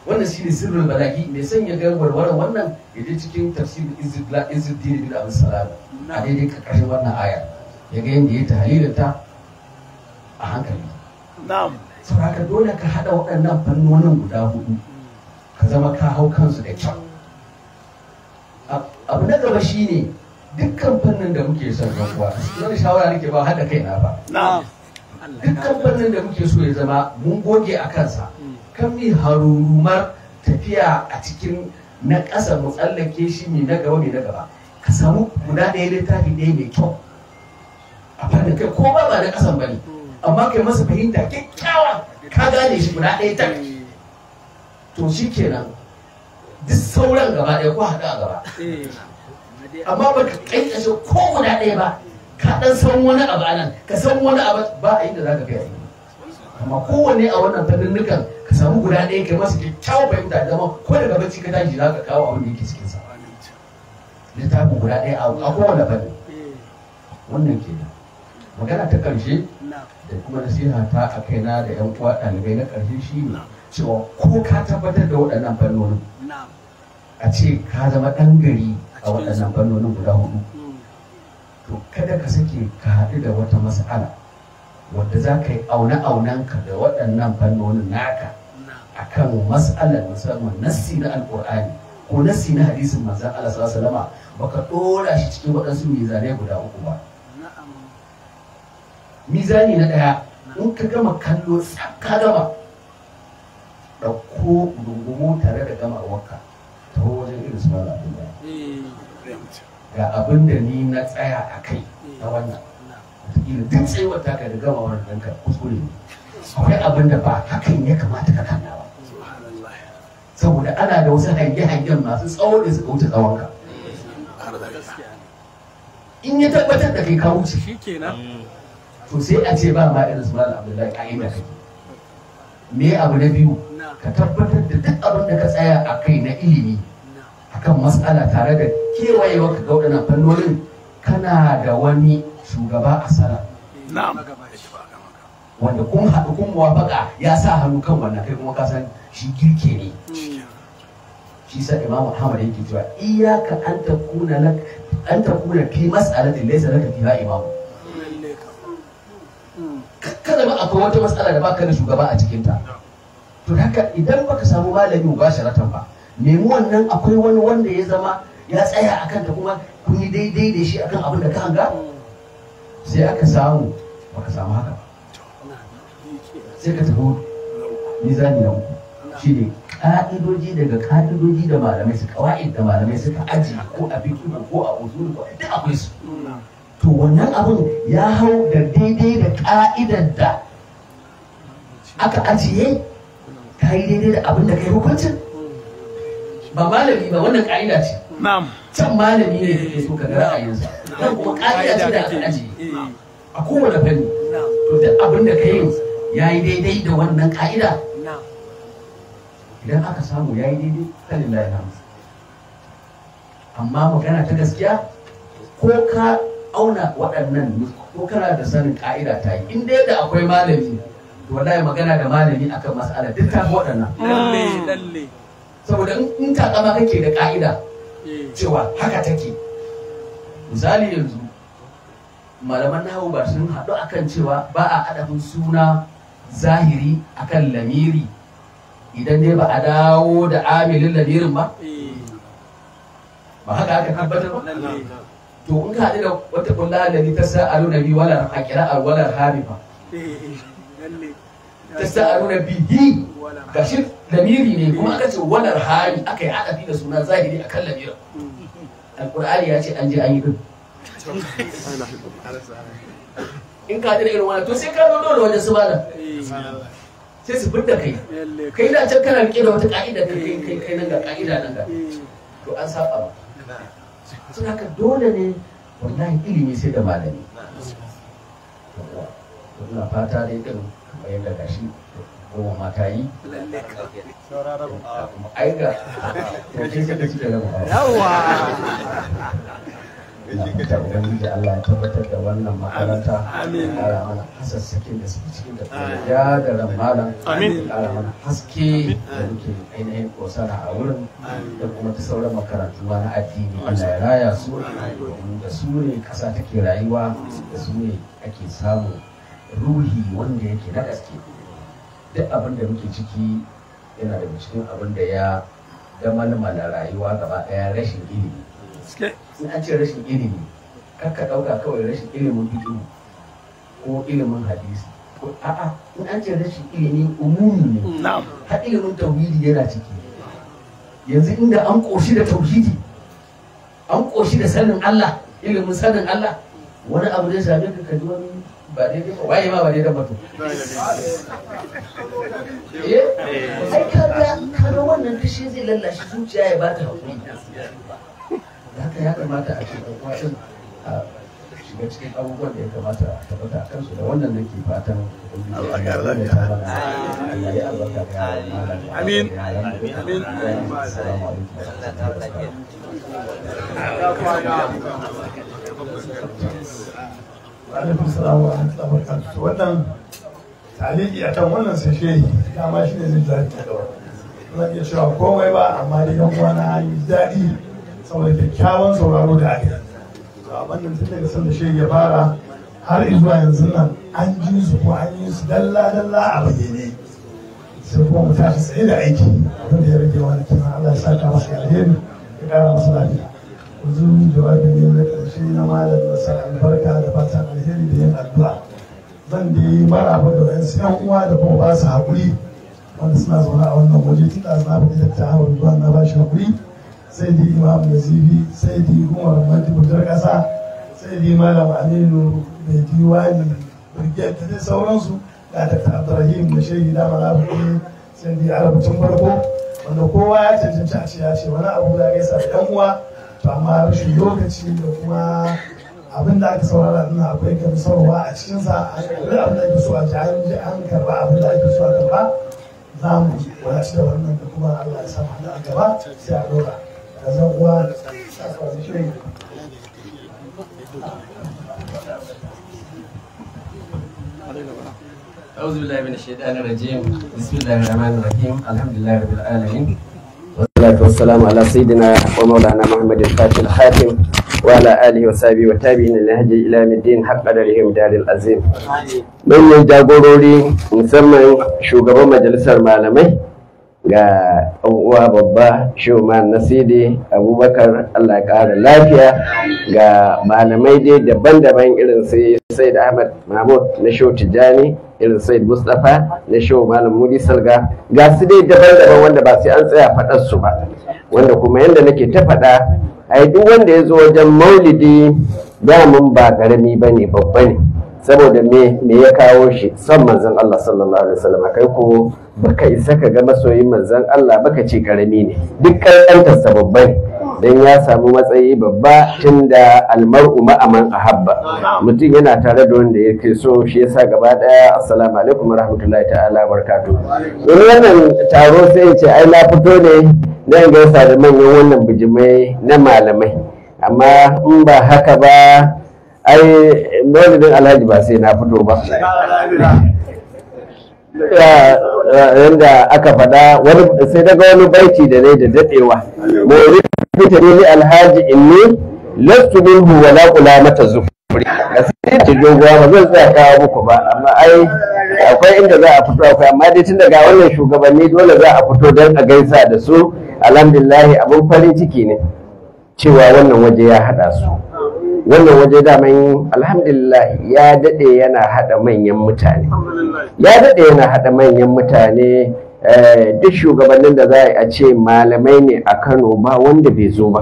wannan shine sirrin me mai sanya ga warware wannan yadda cikin tafsirin izzuddin bin abin salam a daidai karkashin wannan ayar ya ga yadda ya tahlilin ta a hankali na'am saboda dole ka hada waɗannan fannonin guda hudu ka zama ka hau kansu da kyau abu na gaba shi ne dukkan fannin da muke son kuwa don shawara nake ba haɗa kai na ba dukkan fannin da muke so ya zama mun goge a kansa kan mi harurumar tafiya a cikin na ƙasa mu tsallake shi mai na gaba mai na gaba ka samu guda ɗaya littafi ɗaya mai kyau a fannin kai ko ba ba na ƙasan ba ne amma kai masa fahimta kyakkyawa ka gane shi guda ɗaya tak to shi kenan duk sauran gaba ɗaya ko haɗu a gaba eh. amma ba ka ƙaiƙashe ko guda ɗaya ba ka ɗan san wani abu nan ka san wani abu ba a inda za ka fiya amma kowanne a wannan fanninnukan ka samu guda ɗaya kai masa kyakkyawan fahimta zama ko daga bacci ka tashi za ka kawo abin da yake cikin sa littafin guda ɗaya a kowane fannin wannan kenan magana ta ƙarshe da kuma nasiha ta a kaina da ƴan uwa ɗalibai na ƙarshe shi ne cewa ko ka tabbatar da waɗannan fannonin a ce ka zama ɗan gari a waɗannan fannonin guda hudu hmm. to kada ka sake ka haɗu da wata mas'ala wadda za ka yi auna-aunanka da waɗannan fannonin naka a kan mas'alar musamman nassi na alƙur'ani ko nassi na hadisin manzan Allah ba baka ɗora shi cikin waɗansu mizanai guda uku ba mizani na ɗaya in ka gama kallo ka gama ɗauko rungumu tare da gama wanka ta wajen irin su mala abin ga abin da ni na tsaya a kai na wannan wataƙila duk tsayuwar wata ka da gama wannan ka kuskure ne akwai abin da ba hakan ya kamata ka kanna ba saboda ana da wasu hange-hangen masu tsawo da suka wuce tsawonka in ya tabbatar da kai ka wuce to sai a ce ba ma irin su mala abin da ka'ida kai me abu na biyu ka tabbatar da duk abin da ka tsaya a kai na ilimi akan matsala tare da kewaye ka gauda na fannonin kana da wani shugaba a sana eh, wanda kun haɗu kun wafaka ya sa hannu kan wannan kai kuma ka san shi girke ne hmm. shi sa imamu ahmad yake cewa iyaka an takuna lak an takuna fi mas'alatin laysa laka fiha imamu kada ba akwai wata matsala da baka da shugaba a cikinta. ta to haka idan baka samu malami ba sharatan ba nemi wannan akwai wani wanda ya zama ya tsaya akan ta kuma kun yi daidai da shi akan abin da ka hanga sai aka samu baka samu haka ba sai ka tafi zani na uku shi ne ka'idoji daga ka'idoji da malamai su kawai da malamai suka aji ko a biki ko a usul ko duk akwai su to wannan abin ya hau da daidai da ka'idar da aka ajiye ta yi daidai da abin da kai hukuncin ba malami ba wannan ka'ida ce can malami ne kake so ka ga ra'ayinsa nan kuma ka'ida ce da aka ajiye a kowane fanni to duk abin da kai ya yi daidai da wannan ka'ida idan aka samu ya yi daidai kalin layi hamsu amma magana ta gaskiya ko ka auna waɗannan ko kana da sanin ka'ida ta yi in dai da akwai malami wallahi magana da malami akan mas'ala duk ta waɗannan lalle lalle ah. saboda in ta kama kake da ka'ida eh. cewa haka take misali yanzu malaman nahawu ba sun haɗu akan cewa ba a adabin suna zahiri akan lamiri idan dai ba a dawo da amilin lamirin ba eh. ba haka aka tabbatar ba to in ka haɗu da wata kulla da ta sa'alu nabi wala a kira a wala harifa eh, tasta'aruna bihi gashi lamiri ne kuma aka ce walar hali aka yi adabi da suna zahiri akan lamirin alqur'ani ya ce an je an yi din in ka da irin wannan to sai ka zo dole wajen su bada sai su fidda kai kai da can kana rike da wata ka'ida kai kai kai nan ga ka'ida nan ga to an saba ba sun haka dole ne wallahi ilimi sai da malami wannan fata dai din kamar yadda gashi goma ma ta yi ai ga kwanci ka da suke raba yawa da ubangiji Allah ya tabbatar da wannan makaranta ƙara mana hasassakin da suke cikin da ya da ramala ƙara mana haske da muke ainihin kosana a wurin da kuma ta sauran makarantu ma na addini Allah ya raya su da su ne ƙasa take rayuwa da su ne ake samu ruhi wanda yake na gaske duk abin da muke ciki yana da cikin abin da ya da malmala rayuwa gaba daya rashin ilimi in an ce rashin ilimi kar ka dauka kawai rashin ilimin fiqh ko ilimin hadisi ko a'a in an ce rashin ilimi umumi ne har ilimin tauhidi yana ciki yanzu inda an koshi da tauhidi an koshi da sanin Allah ilimin sanin Allah wani abu da ya same ka ka ji wani ba daidai waye ma ba daidai ba to eh ai kaga kaga wannan kashi zai lallashi zuciya ya bata hakuri haka ya kamata a ce ɗan kwaɗin a shiga cikin abubuwan da ya kamata a tabbata a kansu da wannan da ke fatan Allah ya lafiya Allah ya albarka ga amin amin assalamu alaikum alaikum salam wa rahmatullahi wa barakatuh wannan taliki akan wannan sai shehi dama ne zai jari ta gaba zan iya cewa komai ba amma dai yan uwa na yi daɗi saboda kyakkyawan sauraro da ake to abin nan tun daga sanda shi ya fara har zuwa yanzu nan an ji su ko an yi su dalla dalla a bayyane sai kuma mu tashi tsaye da aiki abin da ya rage wani kina Allah ya saka masa alheri ya kara masa lafiya zurin jawabi ne na ƙarshe na malamin masa albarka da fatan alheri da yin addu'a zan je yi maraba da wayansu yan uwa da kuma ba su haƙuri wanda suna zaune a wannan waje tun da suna fi da ta hawa ruwa na ba shi haƙuri sai da imam nazifi sai da umar mantibutar ƙasa sai da malam aminu mai diwani birgiyar ta da sauransu da ta abdurrahim da shehi da malafi sai da arabcin farko wanda kowa ya cancanci a ce ya abu da gaisa da yan uwa to amma rashin lokaci da kuma abin da aka saurara ina akwai gamsarwa a cikinsa a ƙarfi abin da ake so a ji an ji an karba abin da ake so a karba za mu wadace da wannan da kuma Allah ya samu da a gaba sai a dora da zan uwa a kwazi shirin أعوذ بالله من الشيطان الرجيم بسم الله الرحمن الرحيم الحمد لله رب العالمين والصلاة والسلام على سيدنا Hatim, محمد الفاتح الخاتم وعلى آله وصحبه وتابعين النهج إلى الدين حق قدرهم دار العظيم من jagorori musamman shugaban majalisar malamai ga uwa babba shuman nasidi abubakar allah ƙara lafiya ga malamai dai daban-daban irin sai da ahmad mahmud na show tijani irin said mustapha na shehu malam mudi salga ga su dai daban-daban wanda ba sai an tsaya faɗar su ba wanda kuma yadda nake ta faɗa ai duk wanda ya zo wajen maulidi damun ba garami ba ne babba ne saboda me me ya kawo shi son manzon Allah sallallahu alaihi wasallam kai ko baka isa ka ga masoyin manzon Allah baka ce karami ne duk kankantar sa babba ne don ya samu matsayi babba tun da almar'u ma'aman habba. mutum yana tare da wanda ya kai so shi yasa gaba daya assalamu alaikum warahmatullahi ta'ala barkatu wannan taro sai ce ai na fito ne na gaisa da manyan wannan bijimai na malamai amma in ba haka ba ai maulidin alhaji ba sai na fito ba yadda aka faɗa sai daga wani baiti da ne da daɗewa fitani alhaji in inni lastu minhu wala zufuri zufri sai ce jogowa ba zan tsaya kawo muku ba amma ai akwai inda za a fito akwai amma dai tun daga wannan shugabanni dole za a fito don a gaisa da su alhamdulillah abin farin ciki ne cewa wannan waje ya haɗa su wannan waje daman alhamdulillah ya daɗe yana haɗa manyan mutane ya daɗe yana haɗa manyan mutane Eh, duk shugabannin da za a ce malamai ne a kano ba wanda bai zo ba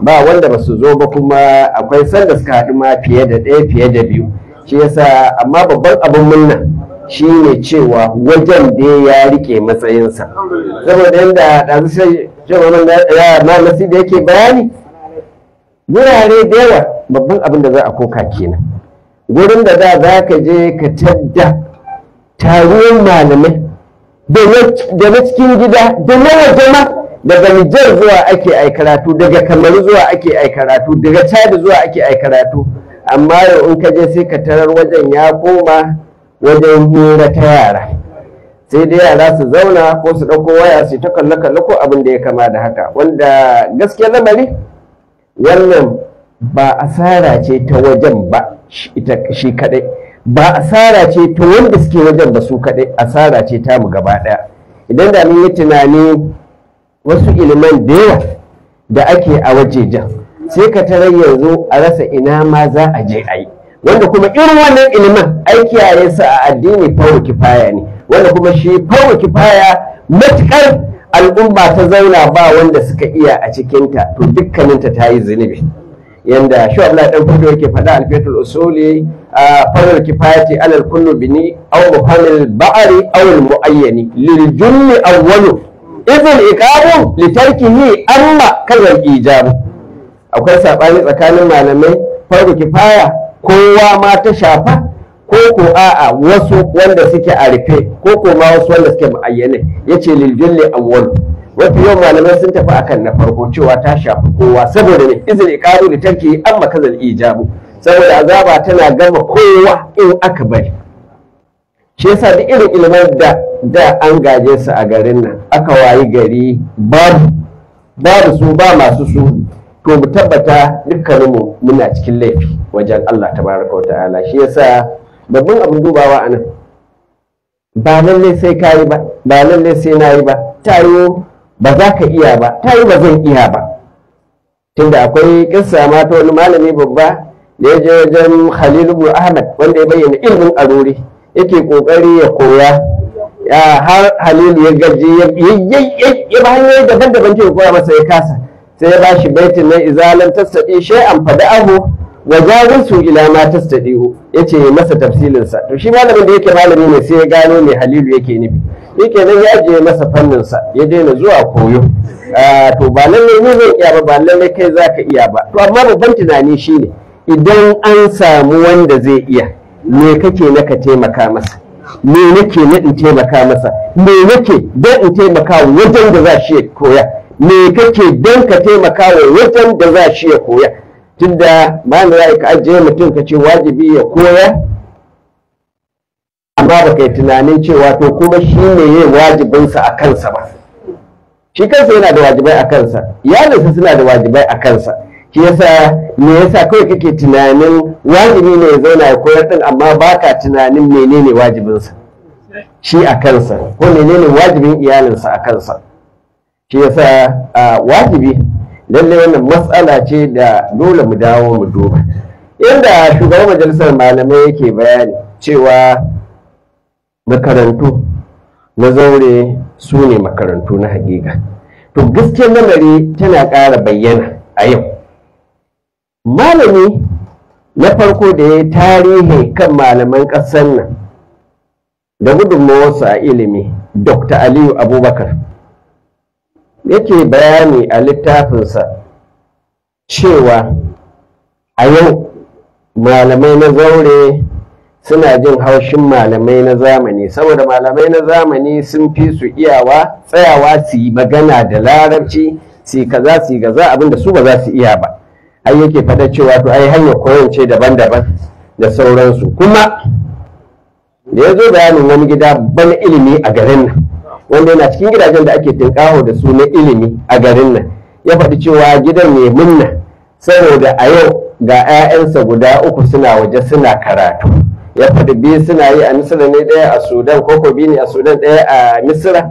ba wanda ba su zo ba kuma akwai sanda suka haɗu ma fiye da ɗaya fiye da biyu shi yasa amma babban abin murna shi ne cewa wajen da ya rike matsayinsa saboda yadda ɗazu sai malasi da yake bayani wurare da yawa babban abin da za a koka kenan gurin da za ka je ka tadda taruwan malamai da na cikin gida da na waje ma daga Nijar zuwa ake ai karatu daga Kamaru zuwa ake ai karatu daga Chad zuwa ake ai amma yau in ka je sai ka tarar wajen ya koma wajen hira ta yara sai dai yara su zauna ko su ɗauko waya su ta kalla kalla ko abin da ya kama da haka wanda gaskiya lamari wannan ba asara ce ta wajen ba shi kadai ba asara ce ta wanda suke wajen ba su kaɗai asara ce ta mu gaba ɗaya idan da mun yi tunani wasu ilimin da yawa da ake a waje jan, sai ka tara yanzu a rasa ina ma za a je a yi wanda kuma irin wannan ilimin aiki a sa a addini fawo kifaya ne wanda kuma shi fawo kifaya matukar al'umma ta zauna ba wanda suka iya a cikinta to dukkaninta ta yi zunubi yanda shi Allah ɗan fito yake faɗa alfetul usuli a fadl kifayati alal kullu bini aw mafalil ba'ari aw al muayyani lil julli awwalu idhul iqabu li tarkihi amma kal ijab akwai sabani tsakanin malamai fadl kifaya kowa ma ta shafa ko ko a'a wasu wanda suke a rufe ko ko ma wasu wanda suke muayyane yace lil julli awwalu wafi yawan malamai sun tafi akan na farko cewa ta shafi kowa saboda ne izini karu da tarki an makazal ijabu saboda azaba tana gama kowa in aka bari shi yasa duk irin ilimin da da an gaje su a garin nan aka wayi gari babu babu su ba masu su to mu tabbata dukkaninmu muna cikin laifi wajen Allah tabaraka wa ta'ala shi yasa babban abin dubawa a nan ba lallai sai kayi ba ba lallai sai nayi ba tayo ba za ka iya ba ta yi ba zan iya ba tunda akwai kissa ma ta wani malami babba da ya je wajen Halilu Ahmad wanda ya bayyana ilimin aruri yake kokari ya koya har Halilu ya gaji ya ba hanyoyi daban-daban ke koya masa ya kasa sai ya ba shi baitin na izalan tasadi fada abu. wa jawisu ila ma tastadihu yace masa tafsilin to shi malamin da yake malami ne sai ya gano me Halilu yake nufi ke nan ya je masa fanninsa ya daina zuwa koyo ah, to ba lallai ni zan iya ba ba lallai kai za ka iya ba to amma babban tunani shine idan an samu wanda zai iya me kake na ka taimaka masa me nake na in taimaka masa me nake don in taimaka wajen da za shi ya koya me kake don ka taimaka wajen da za shi ya koya tunda ba za ka ajiye mutum ka ce wajibi ya koya amma ba kai tunanin cewa to kuma shi ne yin wajibinsa a kansa ba shi kansa yana da wajibai a kansa iyalinsa suna da wajibai a kansa shi yasa me yasa kawai kake tunanin wajibi ne ya zauna ya koyar din amma baka tunanin menene wajibinsa shi a kansa ko menene wajibin iyalinsa a kansa shi yasa wajibi lalle wannan matsala ce da dole mu dawo mu duba inda shugaban majalisar malamai yake bayani cewa makarantu na zaure su ne makarantu na hakika to gaskiyar lamari tana ƙara bayyana a yau malami na farko da ya tarihi kan malaman ƙasar nan da gudunmawarsu a ilimi dr aliyu abubakar yake bayani a littafinsa cewa a yau malamai na zaure suna jin haushin malamai na zamani saboda malamai na zamani sun fi su iyawa tsayawa su yi magana da larabci su yi kaza su yi gaza abinda su ba za su iya ba ai yake fada cewa to ai hanyar koyon ce daban-daban da sauransu kuma da ya zo bayanin wani gida ban ilimi a garin nan wanda yana cikin gidajen da ake tinkaho da su na ilimi a garin nan ya faɗi cewa gidan ne munna saboda a yau ga 'ya'yansa guda uku suna waje suna karatu ya fadi biyu suna yi a misira ne ɗaya a sudan ko ko biyu ne a sudan ɗaya a misira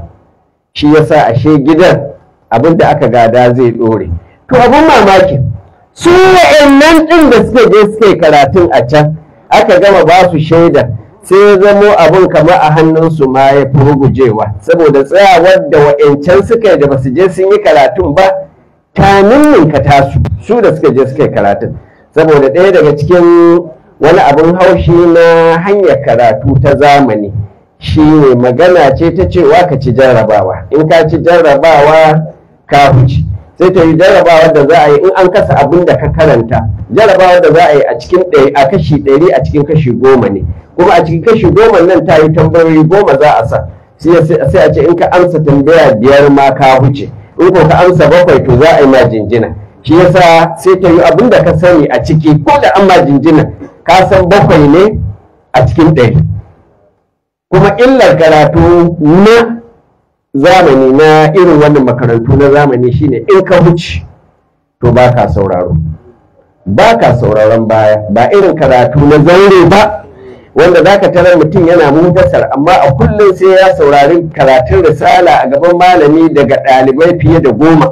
shi yasa ashe gidan abin da aka gada zai ɗore to abin mamaki su wa'annan ɗin da suke je suke karatun a can aka gama ba su shaida sai zamo abun kamar a hannunsu ma ya fi rugujewa saboda tsayawar da wa'ancan suka da basu je sun yi karatun ba ta ka tasu su da suka je suka karatun saboda ɗaya daga cikin wani abin haushi na hanyar karatu ta zamani shi ne magana ce ta cewa ka ci jarrabawa in ka ci jarrabawa ka huci sai ta yi jarrabawa da za a yi in an kasa abin da ka karanta jarrabawa da za a yi a cikin a kashi ɗari a cikin kashi goma ne kuma a cikin kashi goma nan ta yi tambayoyi goma za a sa sai a ce in ka amsa tambaya biyar ma ka huce in ko ka amsa bakwai to za a yi ma jinjina shi yasa sai ta yi abin da ka sani a ciki ko da an ma jinjina ka san bakwai ne a cikin ɗari kuma illar karatu na zamani na irin wannan makarantu na zamani shine in ka wuce to ba ka sauraro ba ka sauraron baya ba irin karatu na zaure ba wanda za ka tarar mutum yana mutasar amma a kullum sai ya saurari karatun risala a gaban malami daga ɗalibai fiye da goma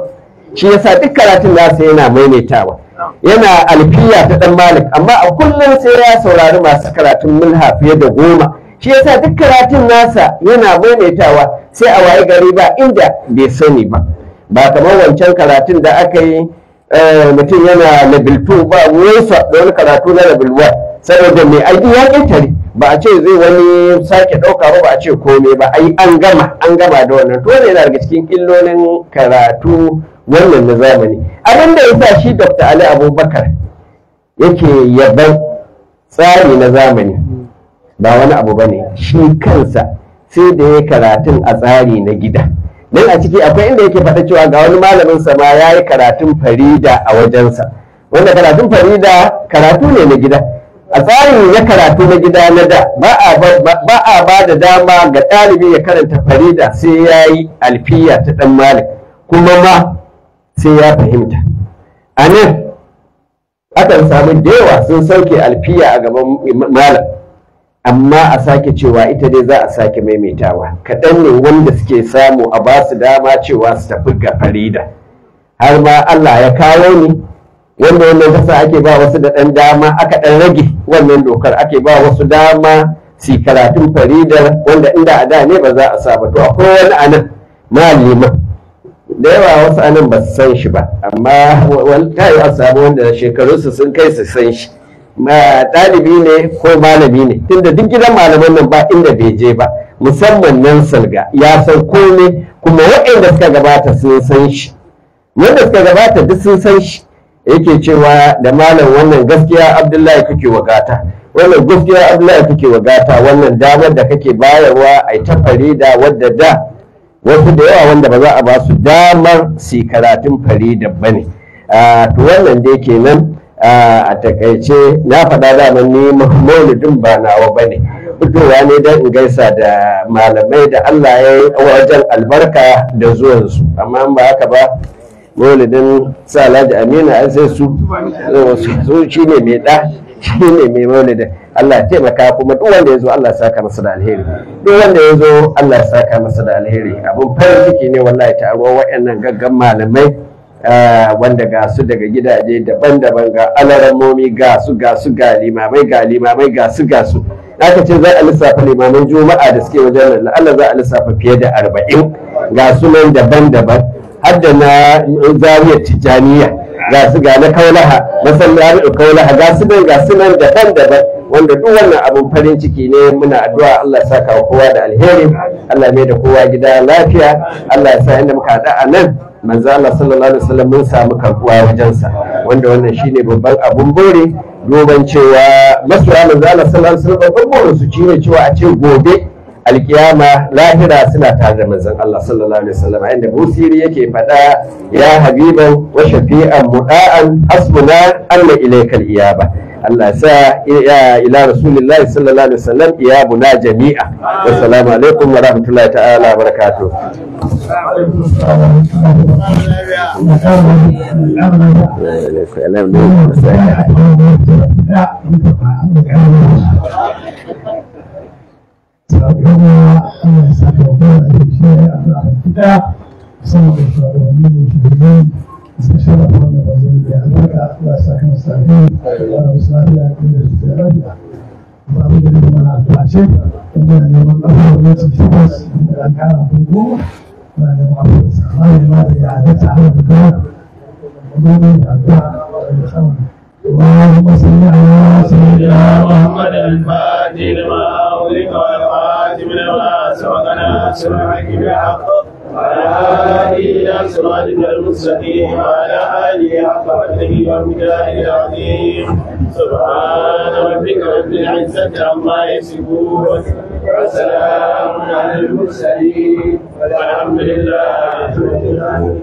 shi yasa duk karatun nasa yana maimaitawa yana alfiya ta dan malik amma a kullum sai ya saurari masu karatun milha fiye da goma shi yasa duk karatun nasa yana maimaitawa sai a waye gari ba inda bai sani ba ba kamar wancan karatun da aka yi eh, mutum yana level 2 ba nesa da wani karatu na level 1 saboda mai aiki ya ƙetare ba a ce zai wani sake ɗauka ba ba a ce komai ba ai an gama an gama da wannan to yana daga cikin illolin karatu wannan na zamani abin da ya sa shi dr ali abubakar yake yaban tsari na zamani ba wani abu ba ne shi kansa sai da ya karatun a tsari na gida Nan a ciki akwai inda yake faɗa cewa ga wani malamin sama ya yi karatun farida a wajensa wanda karatun farida karatu ne na gida a tsarin ya karatu na gida na da ba a ba da dama ga ɗalibi ya karanta farida sai ya yi alfiya ta ɗan malik kuma ma sai ya fahimta a nan akan samu da yawa sun sauke alfiya a gaban malam amma a sake cewa ita dai za a sake maimaitawa kaɗan ne wanda suke samu a ba su dama cewa su tafi ga farida har ma Allah ya kawo ni wanda wannan kasa ake ba wasu da ɗan dama aka ɗan rage wannan dokar ake ba wasu dama su karatun faridar wanda inda a da ne ba za a saba to akwai wani anan malima da yawa wasu anan ba su san shi ba amma ta yi a samu wanda shekarunsu sun kai su san shi ɗalibi ne ko malami ne tunda duk gidan malaman nan ba inda bai je ba musamman nan salga ya san kome kuma waɗanda suka gabata sun san shi wanda suka gabata duk sun san shi yake cewa da malam wannan gaskiya abdullahi kake wagata wannan gaskiya abdullahi kake wagata wannan damar da kake bayarwa a ta farida wadda da wasu da yawa wanda ba za a ba su damar si karatun farida ba ne ah, to wannan dai kenan ah, a takaice na faɗa da ni maulidin ba nawa ba ne fitowa ne don in gaisa da malamai da allah ya yi wajen albarka da zuwansu amma ba haka ba maulidin sa Aminu amina an sai su shi ne mai ɗa shi ne mai maulidin Allah ya taimaka kuma duk wanda ya zo Allah ya saka masa da alheri duk wanda ya zo Allah ya saka masa da alheri abin farin ciki ne wallahi taruwa wa'annan gaggan malamai ah, wanda ga su daga gidaje daban-daban ga alaramomi ga su ga su ga limamai ga limamai ga su ga su aka ce za a lissafa limaman juma'a da suke wajen nan Allah za a lissafa fiye da arba'in ga su nan daban-daban har da na zariyar tijjaniya ga su ga na kaulaha masallacin kaulaha ga su nan ga su nan daban-daban wanda duk wannan abin farin ciki ne muna addu'a Allah ya saka kowa da alheri Allah mai da kowa gida lafiya Allah ya sa inda muka haɗu a nan manzo Allah sallallahu alaihi wasallam mun samu karbuwa wajensa wanda wannan shine babban abun bore duban cewa masu Allah sallallahu alaihi wasallam babban bore su cewa a ce gobe alkiyama lahira suna tare da manzon Allah sallallahu alaihi wasallam inda busiri yake faɗa ya habiban wa shafi'an muda'an hasbuna anna ilaykal iyaba Allah sa ya ila rasulillahi sallallahu alaihi wasallam iyabuna jami'a wassalamu alaikum wa rahmatullahi ta'ala wa barakatuh سابقنا أن يستحقون أي شيء على أهل الكتاب سمعوا القرآن المجرمين استشرف من الرجل بأنك وأساكن الصالحين وأنا أصلي من الاستعراض وأريد أن أنا أتعشق وأن من أفضل الناس الشخص من الأنعام الجمهور وأن أفضل الصغار ماذا يعادتها على البلاد ومن يعدها على الخمر اللهم صل على سيدنا محمد الفاتح لما أغلق والخاتم لما سبق ناصر الحق بالحق وعلى آله إلى صراطك المستقيم وعلى آله حق قدره ومقداره العظيم سبحان ربك رب العزة عما يصفون وسلام على المرسلين والحمد لله رب العالمين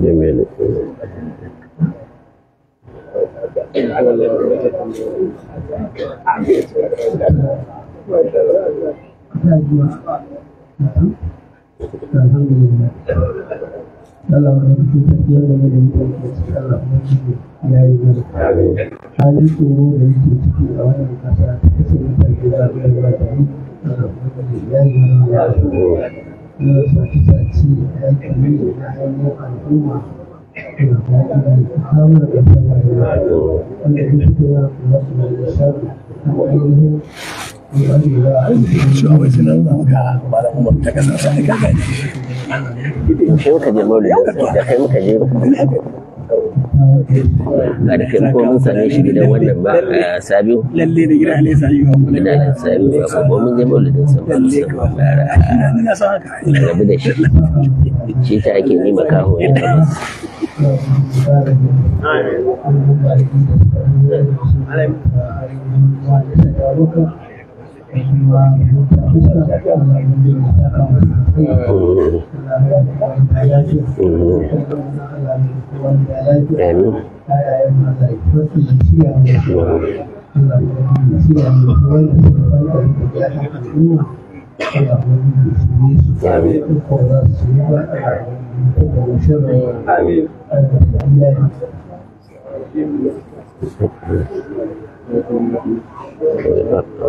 جميل halin tsoro da yake ciki a wannan kasa ta kasance da zaɓi da zaɓi da zaɓi da zaɓi da zaɓi sace-sace ya kame da yayan al'umma da kuma kamar da sama da wanda kuma kuma su mai da shafi ko ainihin Shi a wajen nan zama ga malamin mu ta kasa sa kai muka je. a da kai kuma mun same shi gidan wannan ba a eh, sabiu lalle da gidan ne sabiu gidan ne sabiu ba kuma mun ba ina son haka rabu da shi shi ta ake nima kaho ne ba Thank you. Amin. Amin.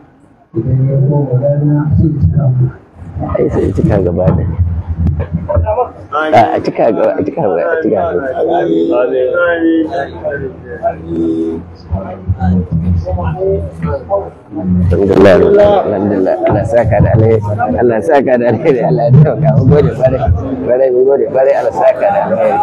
idan ya koma sai sai ta kaga da a cika gaba a cika gaba a cika gaba alhamdulillah alhamdulillah Allah da alai Allah da alai da Allah ta ka mu gode bare bare mu gode bare Allah da alai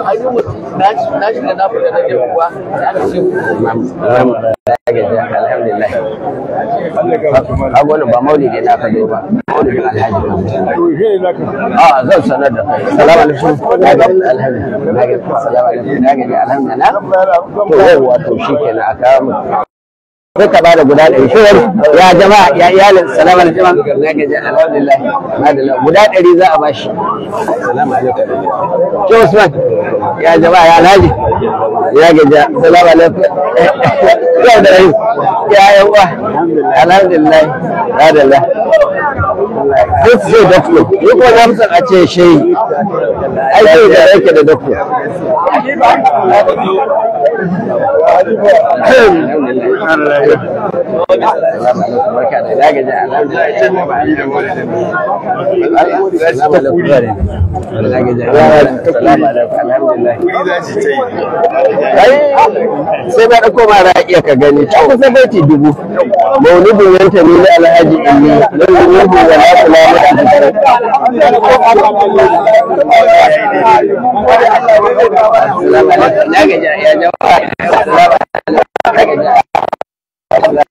Allah da alai na shiga na fita na jirgin ruwa sai aka ce alhamdulillah agwani ba maulidi na ka zo ba maulidin alhaji a zan sanar da kai salamu alaikum na gani alhaji na gani alhamdulillah to yawwa to shi kenan a kawo duka ba da guda ɗari wani ya jama ya iyalin salama da jama'a na gaji alhamdulillah guda ɗari za a shi ke usman ya jama'a ya alhaji ya gaji salama lafiya yau da rai ya yi uwa alhamdulillah adalla duk zai dafu duk wani hamsin a ce shi aiki da da alhamdulillah sai na ɗauko mara iya ka gani can kusa baiti dubu maulidin yanta ne na alhaji inni don da na kula Gracias.